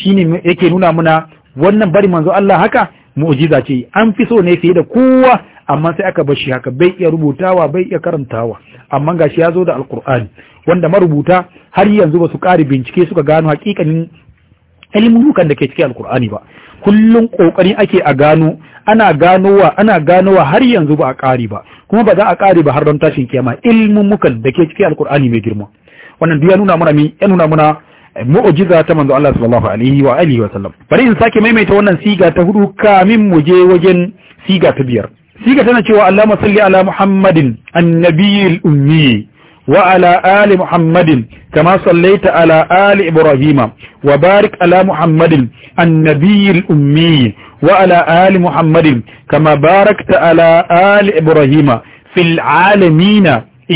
shine yake nuna muna wannan bari manzo Allah haka mu'jiza ce an fi so ne fiye da kowa amma sai aka bar shi haka bai iya rubutawa bai iya karantawa amma gashi ya zo da alkur'ani wanda marubuta har yanzu ba su kare bincike suka gano hakikanin ilmukan da ke cikin alkur'ani ba kullum kokari ake a gano ana ganowa ana ganowa har yanzu ba a kare ba kuma ba za a kare ba har don tashin kiyama mukan da ke cikin alkur'ani mai girma wannan duk ya nuna mana mi ya nuna mana eh, mu'jiza ta manzo Allah sallallahu alaihi wa alihi wa sallam sake maimaita wannan siga ta hudu kamin mu je wajen siga ta biyar siga tana cewa Allahumma salli ala Muhammadin annabiyil ummi wa ala ali Muhammadin kama sallaita ala ali Ibrahim wabarik barik ala Muhammadin annabiyil ummi wa ala ali Muhammadin kama barakta ala ali Ibrahim fil alamin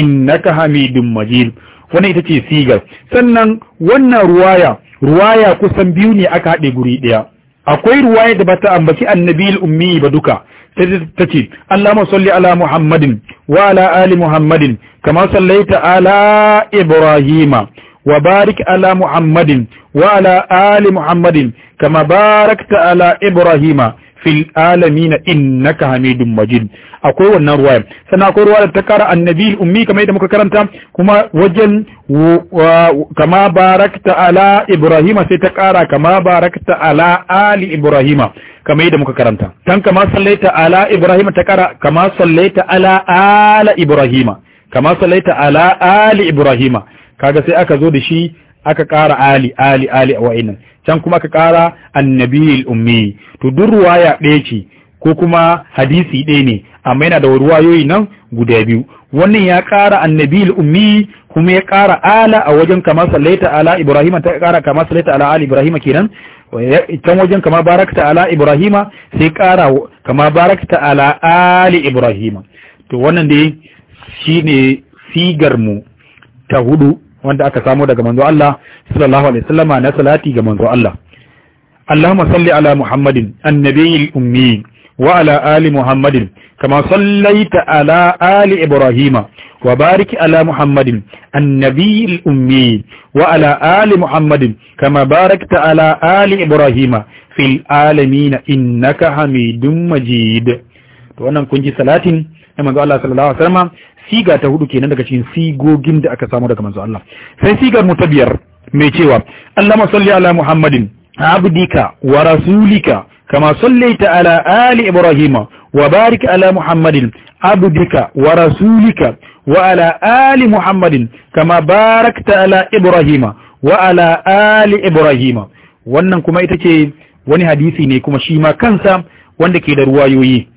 innaka hamidum majid wannan ita ce sigar sannan wannan ruwaya ruwaya kusan biyu ne aka haɗe guri ɗaya akwai ruwaya da bata ambaci annabi ummi ba duka ta ce Allahumma salli ala Muhammadin wa ala ali Muhammadin kama sallaita ala Ibrahima wa barik ala Muhammadin wa ala ali Muhammadin kama barakta ala Ibrahima fil alamin innaka hamidum majid akwai wannan ruwaya sannan akwai ruwaya ta kara annabi ummi kamar yadda muka karanta kuma wajen kama barakta ala ibrahima sai ta kara kama barakta ala ali ibrahima kamar yadda muka karanta tan kama sallaita ala ibrahima ta kara kama sallaita ala ala ibrahima kama sallaita ala ali ibrahima kaga sai aka zo da shi aka ƙara ali ali ali a wa'inan can kuma aka ƙara annabiyil ummi to duk ruwaya ɗaya ce ko kuma hadisi ɗaya ne amma yana da ruwayoyi nan guda biyu wannan ya ƙara annabi ummi kuma ya ƙara ala a wajen kama sallaita ala ibrahima ta ƙara kama sallaita ala ali ibrahima kenan can wajen kama barakta ala ibrahima sai ƙara kama barakta ala ali ibrahima to wannan dai shine sigar mu ta hudu wanda aka samu daga manzo Allah sallallahu alaihi wasallama na salati ga manzo Allah Allahumma salli ala Muhammadin annabiyil ummi وعلى آل محمد كما bariki على آل إبراهيم وبارك على محمد wa الأمي وعلى آل محمد كما باركت على آل إبراهيم في العالمين إنك حميد مجيد wannan kun ji salatin na manzo Allah sallallahu alaihi wasallam siga ta hudu kenan daga cikin sigogin da aka samu daga manzo Allah sai sigar mu biyar mai cewa Allahumma salli ala Muhammadin abdika wa rasulika kama sallaita ala ali ibrahima wa barika ala muhammadin abdika wa rasulika wa ala ali muhammadin kama barakta ala ibrahima wa ala ali ibrahima wannan kuma ita ce wani hadisi ne kuma shima kansa wanda ke da ruwayoyi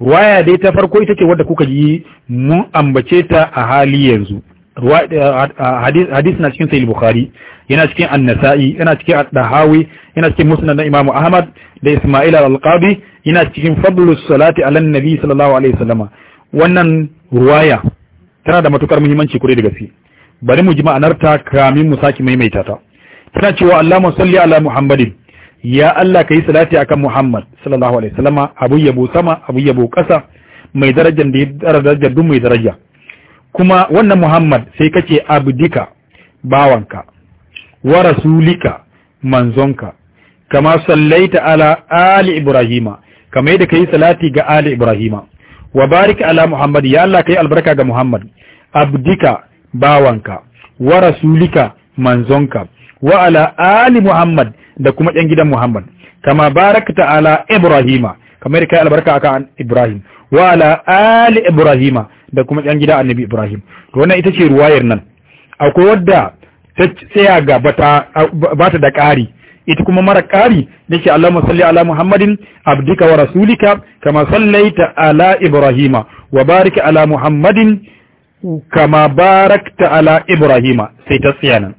ruwaya dai ta farko ita ce wadda kuka yi mu ambace ta a hali yanzu Eh, hadis na cikin sahih bukhari yana cikin an-nasa'i yana cikin Adahawi, yana cikin musnad na imam ahmad da isma'il al alqabi yana cikin fadlus salati ala nabi sallallahu alaihi wasallama wannan ruwaya tana da matukar muhimmanci kure da gaske bari mu ji ma'anarta kamin mu saki maimaita ta tana cewa Allahumma salli ala Muhammadin ya Allah kai salati akan Muhammad sallallahu alaihi wasallama abu yabo sama abu yabo kasa mai darajar da ya darajar duk mai darajar. kuma wannan Muhammad sai kace abdika bawanka wa rasulika manzonka kama sallaita ala ali ibrahima kama yadda kai salati ga ali ibrahima wa barik ala muhammad ya Allah kai albarka ga muhammad abdika bawanka wa rasulika manzonka wa ala ali muhammad da kuma ɗan gidan muhammad kama barakta ala ibrahima kama yadda kai albarka akan ibrahim wa ala ali ibrahima da kuma yan gida annabi ibrahim to wannan ita ce ruwayar nan akwai wadda ta tsaya ga bata ta da ƙari ita kuma mara ƙari ke Allahumma salli ala Muhammadin abdika wa rasulika kama sallaita ala Ibrahima wa barika ala Muhammadin kama barakta ala Ibrahima sai ta tsaya nan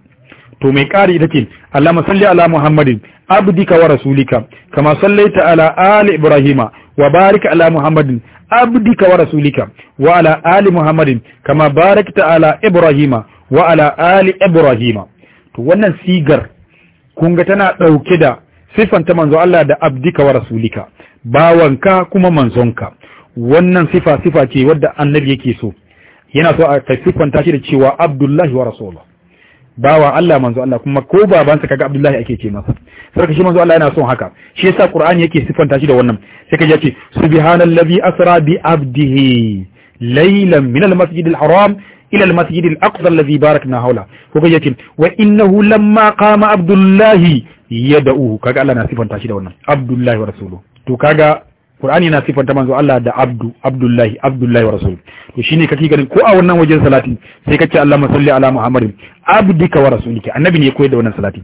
to mai ƙari ita ce Allahumma salli ala Muhammadin abdika wa rasulika kama sallaita ala ala Ibrahima wa barika ala Muhammadin abdika wa rasulika wa ala ali muhammadin kama barakta ala ibrahima wa ala ali ibrahima to wannan sigar kun ga tana dauke da sifanta manzo Allah da abdika wa rasulika bawanka kuma manzonka wannan sifa sifa ce wadda annabi yake so yana so a siffanta shi da cewa abdullahi wa rasulullah bawan Allah manzo Allah kuma ko babansa kaga Abdullahi ake ce masa sarka shi manzo Allah yana son haka shi yasa Qur'ani yake sifanta shi da wannan sai kaje ce subhanallazi asra bi abdihi laylan min al-masjid haram ila al-masjid al-aqsa alladhi barakna hawla ko kaje ce wa innahu lamma qama Abdullahi yad'uhu kaga Allah na sifanta shi da wannan Abdullahi wa rasuluhu to kaga Qur'ani yana sifanta manzo Allah da Abdu Abdullahi Abdullahi wa Rasul to shine kake ganin ko a wannan wajen salati sai kake Allahumma salli ala Muhammadin abdika wa rasulika annabi ne ya koyar da wannan salati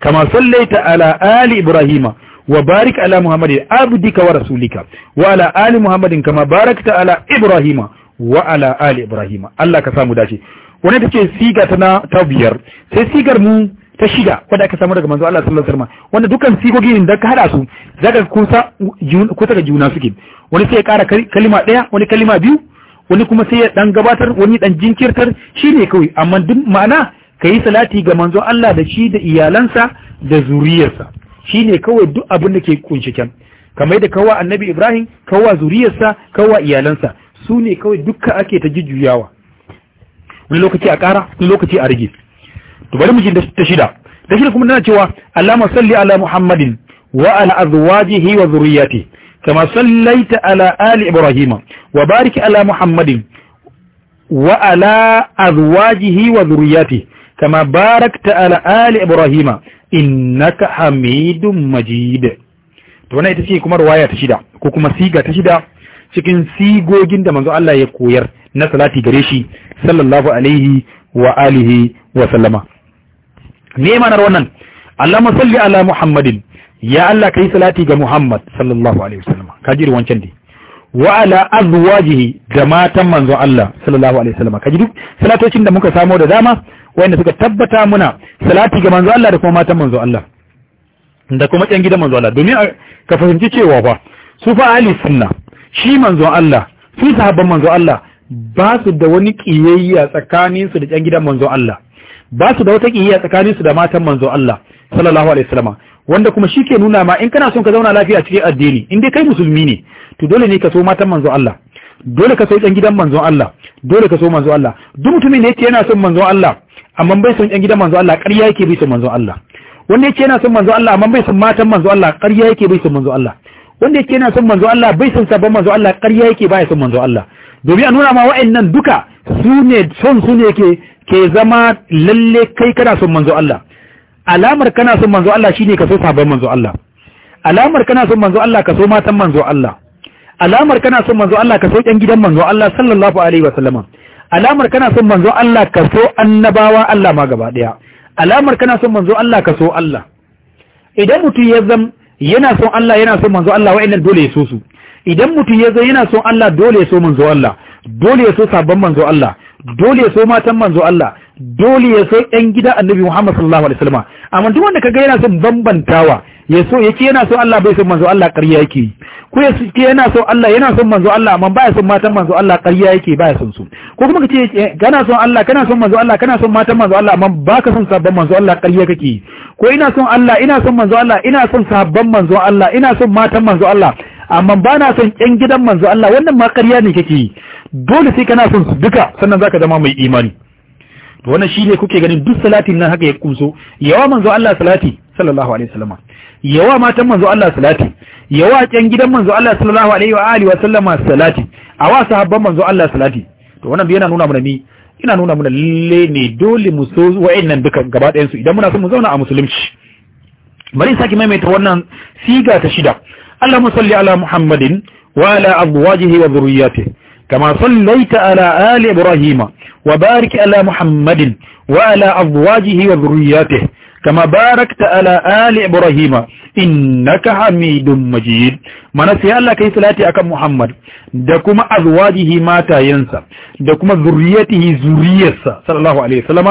kama sallaita ala ali Ibrahima wa barik ala Muhammadin abdika wa rasulika wa ala ali Muhammadin kama barakta ala Ibrahima wa ala ali Ibrahima Allah ka samu dace wannan tace siga ta na ta sai sigar mu ta shida wanda aka samu daga manzo Allah sallallahu alaihi wasallam wanda sigogi ne da ka hada su zaka kusa kusa ga juna suke wani sai ya kara kalima daya wani kalima biyu wani kuma sai ya dan gabatar wani dan jinkirtar shine kawai amma duk ma'ana kai salati ga manzo Allah da shi da iyalansa da zuriyarsa shine kawai duk abin da ke kunshi kan kamar da kawa annabi Ibrahim kawa zuriyarsa kawa iyalansa su ne kawai dukka ake ta jujjuyawa wani lokaci a kara wani lokaci a rage to bari mu ji ta shida ta shida kuma tana cewa Allahumma salli ala Muhammadin wa ala azwajihi wa dhurriyyati kama sallaita ala ali Ibrahim wa barik ala Muhammadin wa ala azwajihi wa dhurriyyati kama barakta ala ali Ibrahim innaka Hamidum Majid to wannan ita ce kuma riwaya ta shida ko kuma siga ta shida cikin sigogin da manzo Allah ya koyar na salati gare shi sallallahu alaihi wa alihi wa sallama me manar wannan Allahumma salli ala Muhammadin ya Allah kai salati ga Muhammad sallallahu alaihi wasallam kaji jiri wancan dai wa ala azwajihi da matan manzon Allah sallallahu alaihi wasallam Kaji duk salatocin da muka samu da dama wanda suka tabbata muna salati ga manzon Allah da kuma matan manzon Allah da kuma ƴan gidan manzon Allah domin ka fahimci cewa fa su fa ahli sunna shi manzon Allah su sahabban manzon Allah ba su da wani kiyayya tsakaninsu da ƴan gidan manzon Allah ba su da wata kiyayya tsakaninsu da matan manzo Allah sallallahu alaihi wasallam wanda kuma shi ke nuna ma in kana son ka zauna lafiya cikin addini in dai kai musulmi ne to dole ne ka so matan manzo Allah dole ka so ɗan gidan manzo Allah dole ka so manzo Allah duk mutumin da yake yana son manzo Allah amma bai son ɗan gidan manzo Allah ƙarya yake bai son manzo Allah wanda yake yana son manzo Allah amma bai son matan manzo Allah ƙarya yake bai son manzo Allah wanda yake yana son manzo Allah bai son sabon manzo Allah ƙarya yake baya son manzo Allah domin a nuna ma wa'annan duka su ne son su ne yake ke zama lalle kai kana son manzo Allah alamar kana son manzo Allah shine ka so sabon manzo Allah alamar kana son manzo Allah ka so matan manzo Allah alamar kana son manzo Allah ka so ƴan gidan manzo Allah sallallahu alaihi wasallama alamar kana son manzo Allah ka so annabawa Allah ma gaba daya alamar kana son manzo Allah ka so Allah idan mutum ya zam yana son Allah yana son manzo Allah wa'annan dole ya so su idan mutum ya zai yana son Allah dole ya so manzo Allah dole ya so sabon manzo Allah dole ya so matan manzo Allah dole ya so ɗan gida annabi Muhammad sallallahu alaihi wasallam amma duk wanda kaga yana son bambantawa ya so yake yana so Allah bai son manzo Allah ƙarya yake ko ya ce yana so Allah yana son manzo Allah amma baya son matan manzo Allah ƙarya yake baya son su ko kuma kace kana son Allah kana son manzo Allah kana son matan manzo Allah amma baka son sabban manzo Allah ƙarya kake ko ina son Allah ina son manzo Allah ina son sabban manzo Allah ina son matan manzo Allah amma ba na son ƴan gidan manzo Allah wannan ma ƙarya ne kake dole sai kana son su duka sannan zaka zama mai imani to wannan shine kuke ganin duk salatin nan haka ya kuso yawa manzo Allah salati sallallahu alaihi wasallama yawa matan manzo Allah salati yawa kyan gidan manzo Allah sallallahu alaihi wa alihi wa salati a wa sahabban manzo Allah salati to wannan yana nuna mana mi ina nuna mana lalle ne dole mu so wa'annan duka gaba ɗayan su idan muna son mu zauna a musulunci bari saki maimaita wannan siga ta shida Allahumma salli ala Muhammadin wa ala azwajihi wa dhurriyyatihi كما صليت على آل إبراهيم وبارك على محمد وعلى أزواجه وذرياته كما باركت على آل إبراهيم إنك حميد مجيد من سي الله كي صلاتي أكا محمد دكما أزواجه ما تاينسا دكما ذريته زرية صلى الله عليه وسلم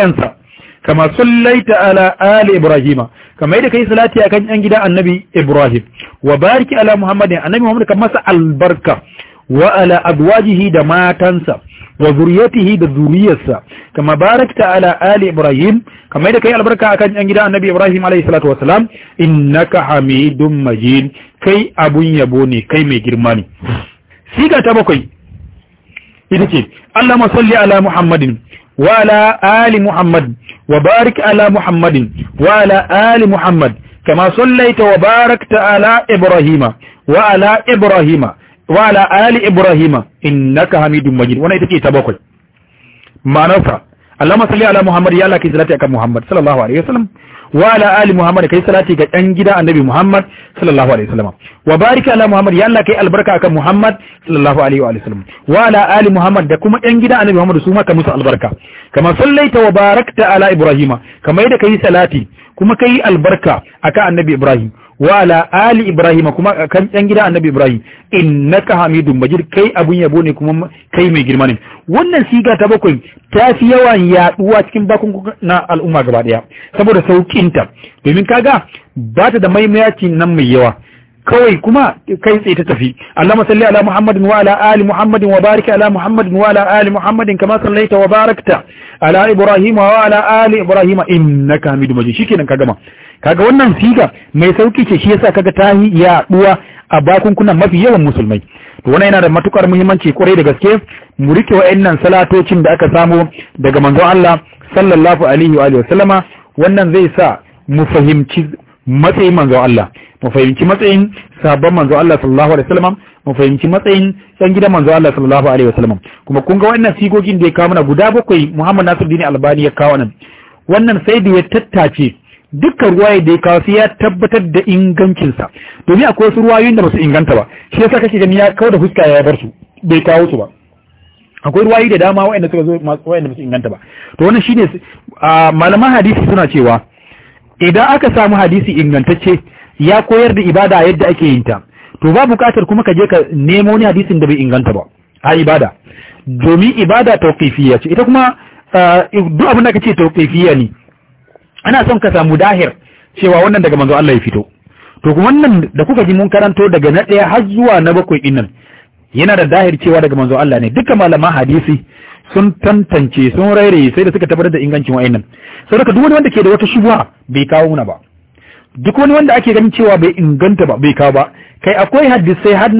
ينسى كما صليت على آل إبراهيم كما إذا كي صلاتي أكا النبي إبراهيم وبارك على محمد النبي محمد كما سأل البركة wa ala azwajihi da matansa wa zuriyatihi da zuriyarsa kama barakta ala ali ibrahim kama da kai albarka akan yan gidan annabi ibrahim alayhi salatu wassalam innaka hamidum majid kai abun yabo ne kai mai girma ne siga ta bakwai ita ce ma salli ala muhammadin wa ala ali muhammad wa barik ala muhammadin wa ala ali muhammad كما صليت ala ibrahima. wa ala ibrahima. wa ala ali ibrahima innaka hamidum majid wannan ita ce ta bakwai ma'anarsa Allahumma salli ala Muhammad ya Allah kai salati akan Muhammad sallallahu alaihi wasallam wa ala ali Muhammad kai salati ga dan gida annabi Muhammad sallallahu alaihi wasallam wa barik ala Muhammad ya Allah kai albarka akan Muhammad sallallahu alaihi wasallam wa ala ali Muhammad da kuma dan gida annabi Muhammad su ma ka musu albarka kama sallaita wa barakta ala Ibrahima kama yadda kai salati kuma kai albarka akan annabi Ibrahim wa ala ali ibrahim kuma kan yan gida annabi ibrahim innaka hamidum majid kai abun yabo ne kuma kai mai girma ne wannan siga ta bakwai ta fi yawan yaduwa cikin bakon na al'umma gaba daya saboda saukinta domin kaga ba ta da maimayaci nan mai yawa kawai kuma kai tsaye ta tafi allah salli ala Muhammadin wa ala ali Muhammadin wa barika ala Muhammadin wa ala ali Muhammadin kama sallaita wa barakta ala Ibrahim wa ala ali Ibrahim innaka Hamidum Majid shikenan ka gama kaga wannan siga mai sauki ce shi yasa kaga ta duwa a kunan mafi yawan musulmai to wannan yana da matukar muhimmanci kwarai da gaske mu rike wa'annan salatocin da aka samu daga manzon Allah sallallahu alaihi wa alihi wasallama wannan zai sa mu fahimci matsayin manzon Allah mu fahimci matsayin sabon manzon Allah sallallahu alaihi wasallam mu fahimci matsayin san gidan manzon Allah sallallahu alaihi wasallam kuma kun ga wannan sigogin da ya kawo mana guda bakwai Muhammad Nasiruddin Albani ya kawo nan wannan sai da ya tattace dukkan ruwaye da ya kawo sai ya tabbatar da ingancinsa domin akwai wasu ruwayoyin da ba su inganta ba shi yasa kake gani ya kawo da fuska ya bar su bai kawo su ba akwai ruwayi da dama waɗanda suka zo waɗanda ba su inganta ba to wannan shine malaman hadisi suna cewa idan aka samu hadisi ingantacce ya koyar da ibada yadda ake yin ta to ba buƙatar kuma ka je ka nemo ni hadisin da bai inganta ba a ibada domin ibada tawqifiyya ce ita kuma duk abin da kace tawqifiyya ne ana son ka samu dahir cewa wannan daga manzo Allah ya fito to kuma wannan da kuka ji mun karanto daga na ɗaya har zuwa na bakwai dinnan yana da dahir cewa daga manzo Allah ne duka malama hadisi sun tantance sun raire sai da suka tabbatar da ingancin wa'annan sai daga duk wani wanda ke da wata shubha bai kawo muna ba duk wani wanda ake ganin cewa bai inganta ba bai kawo ba kai akwai sai har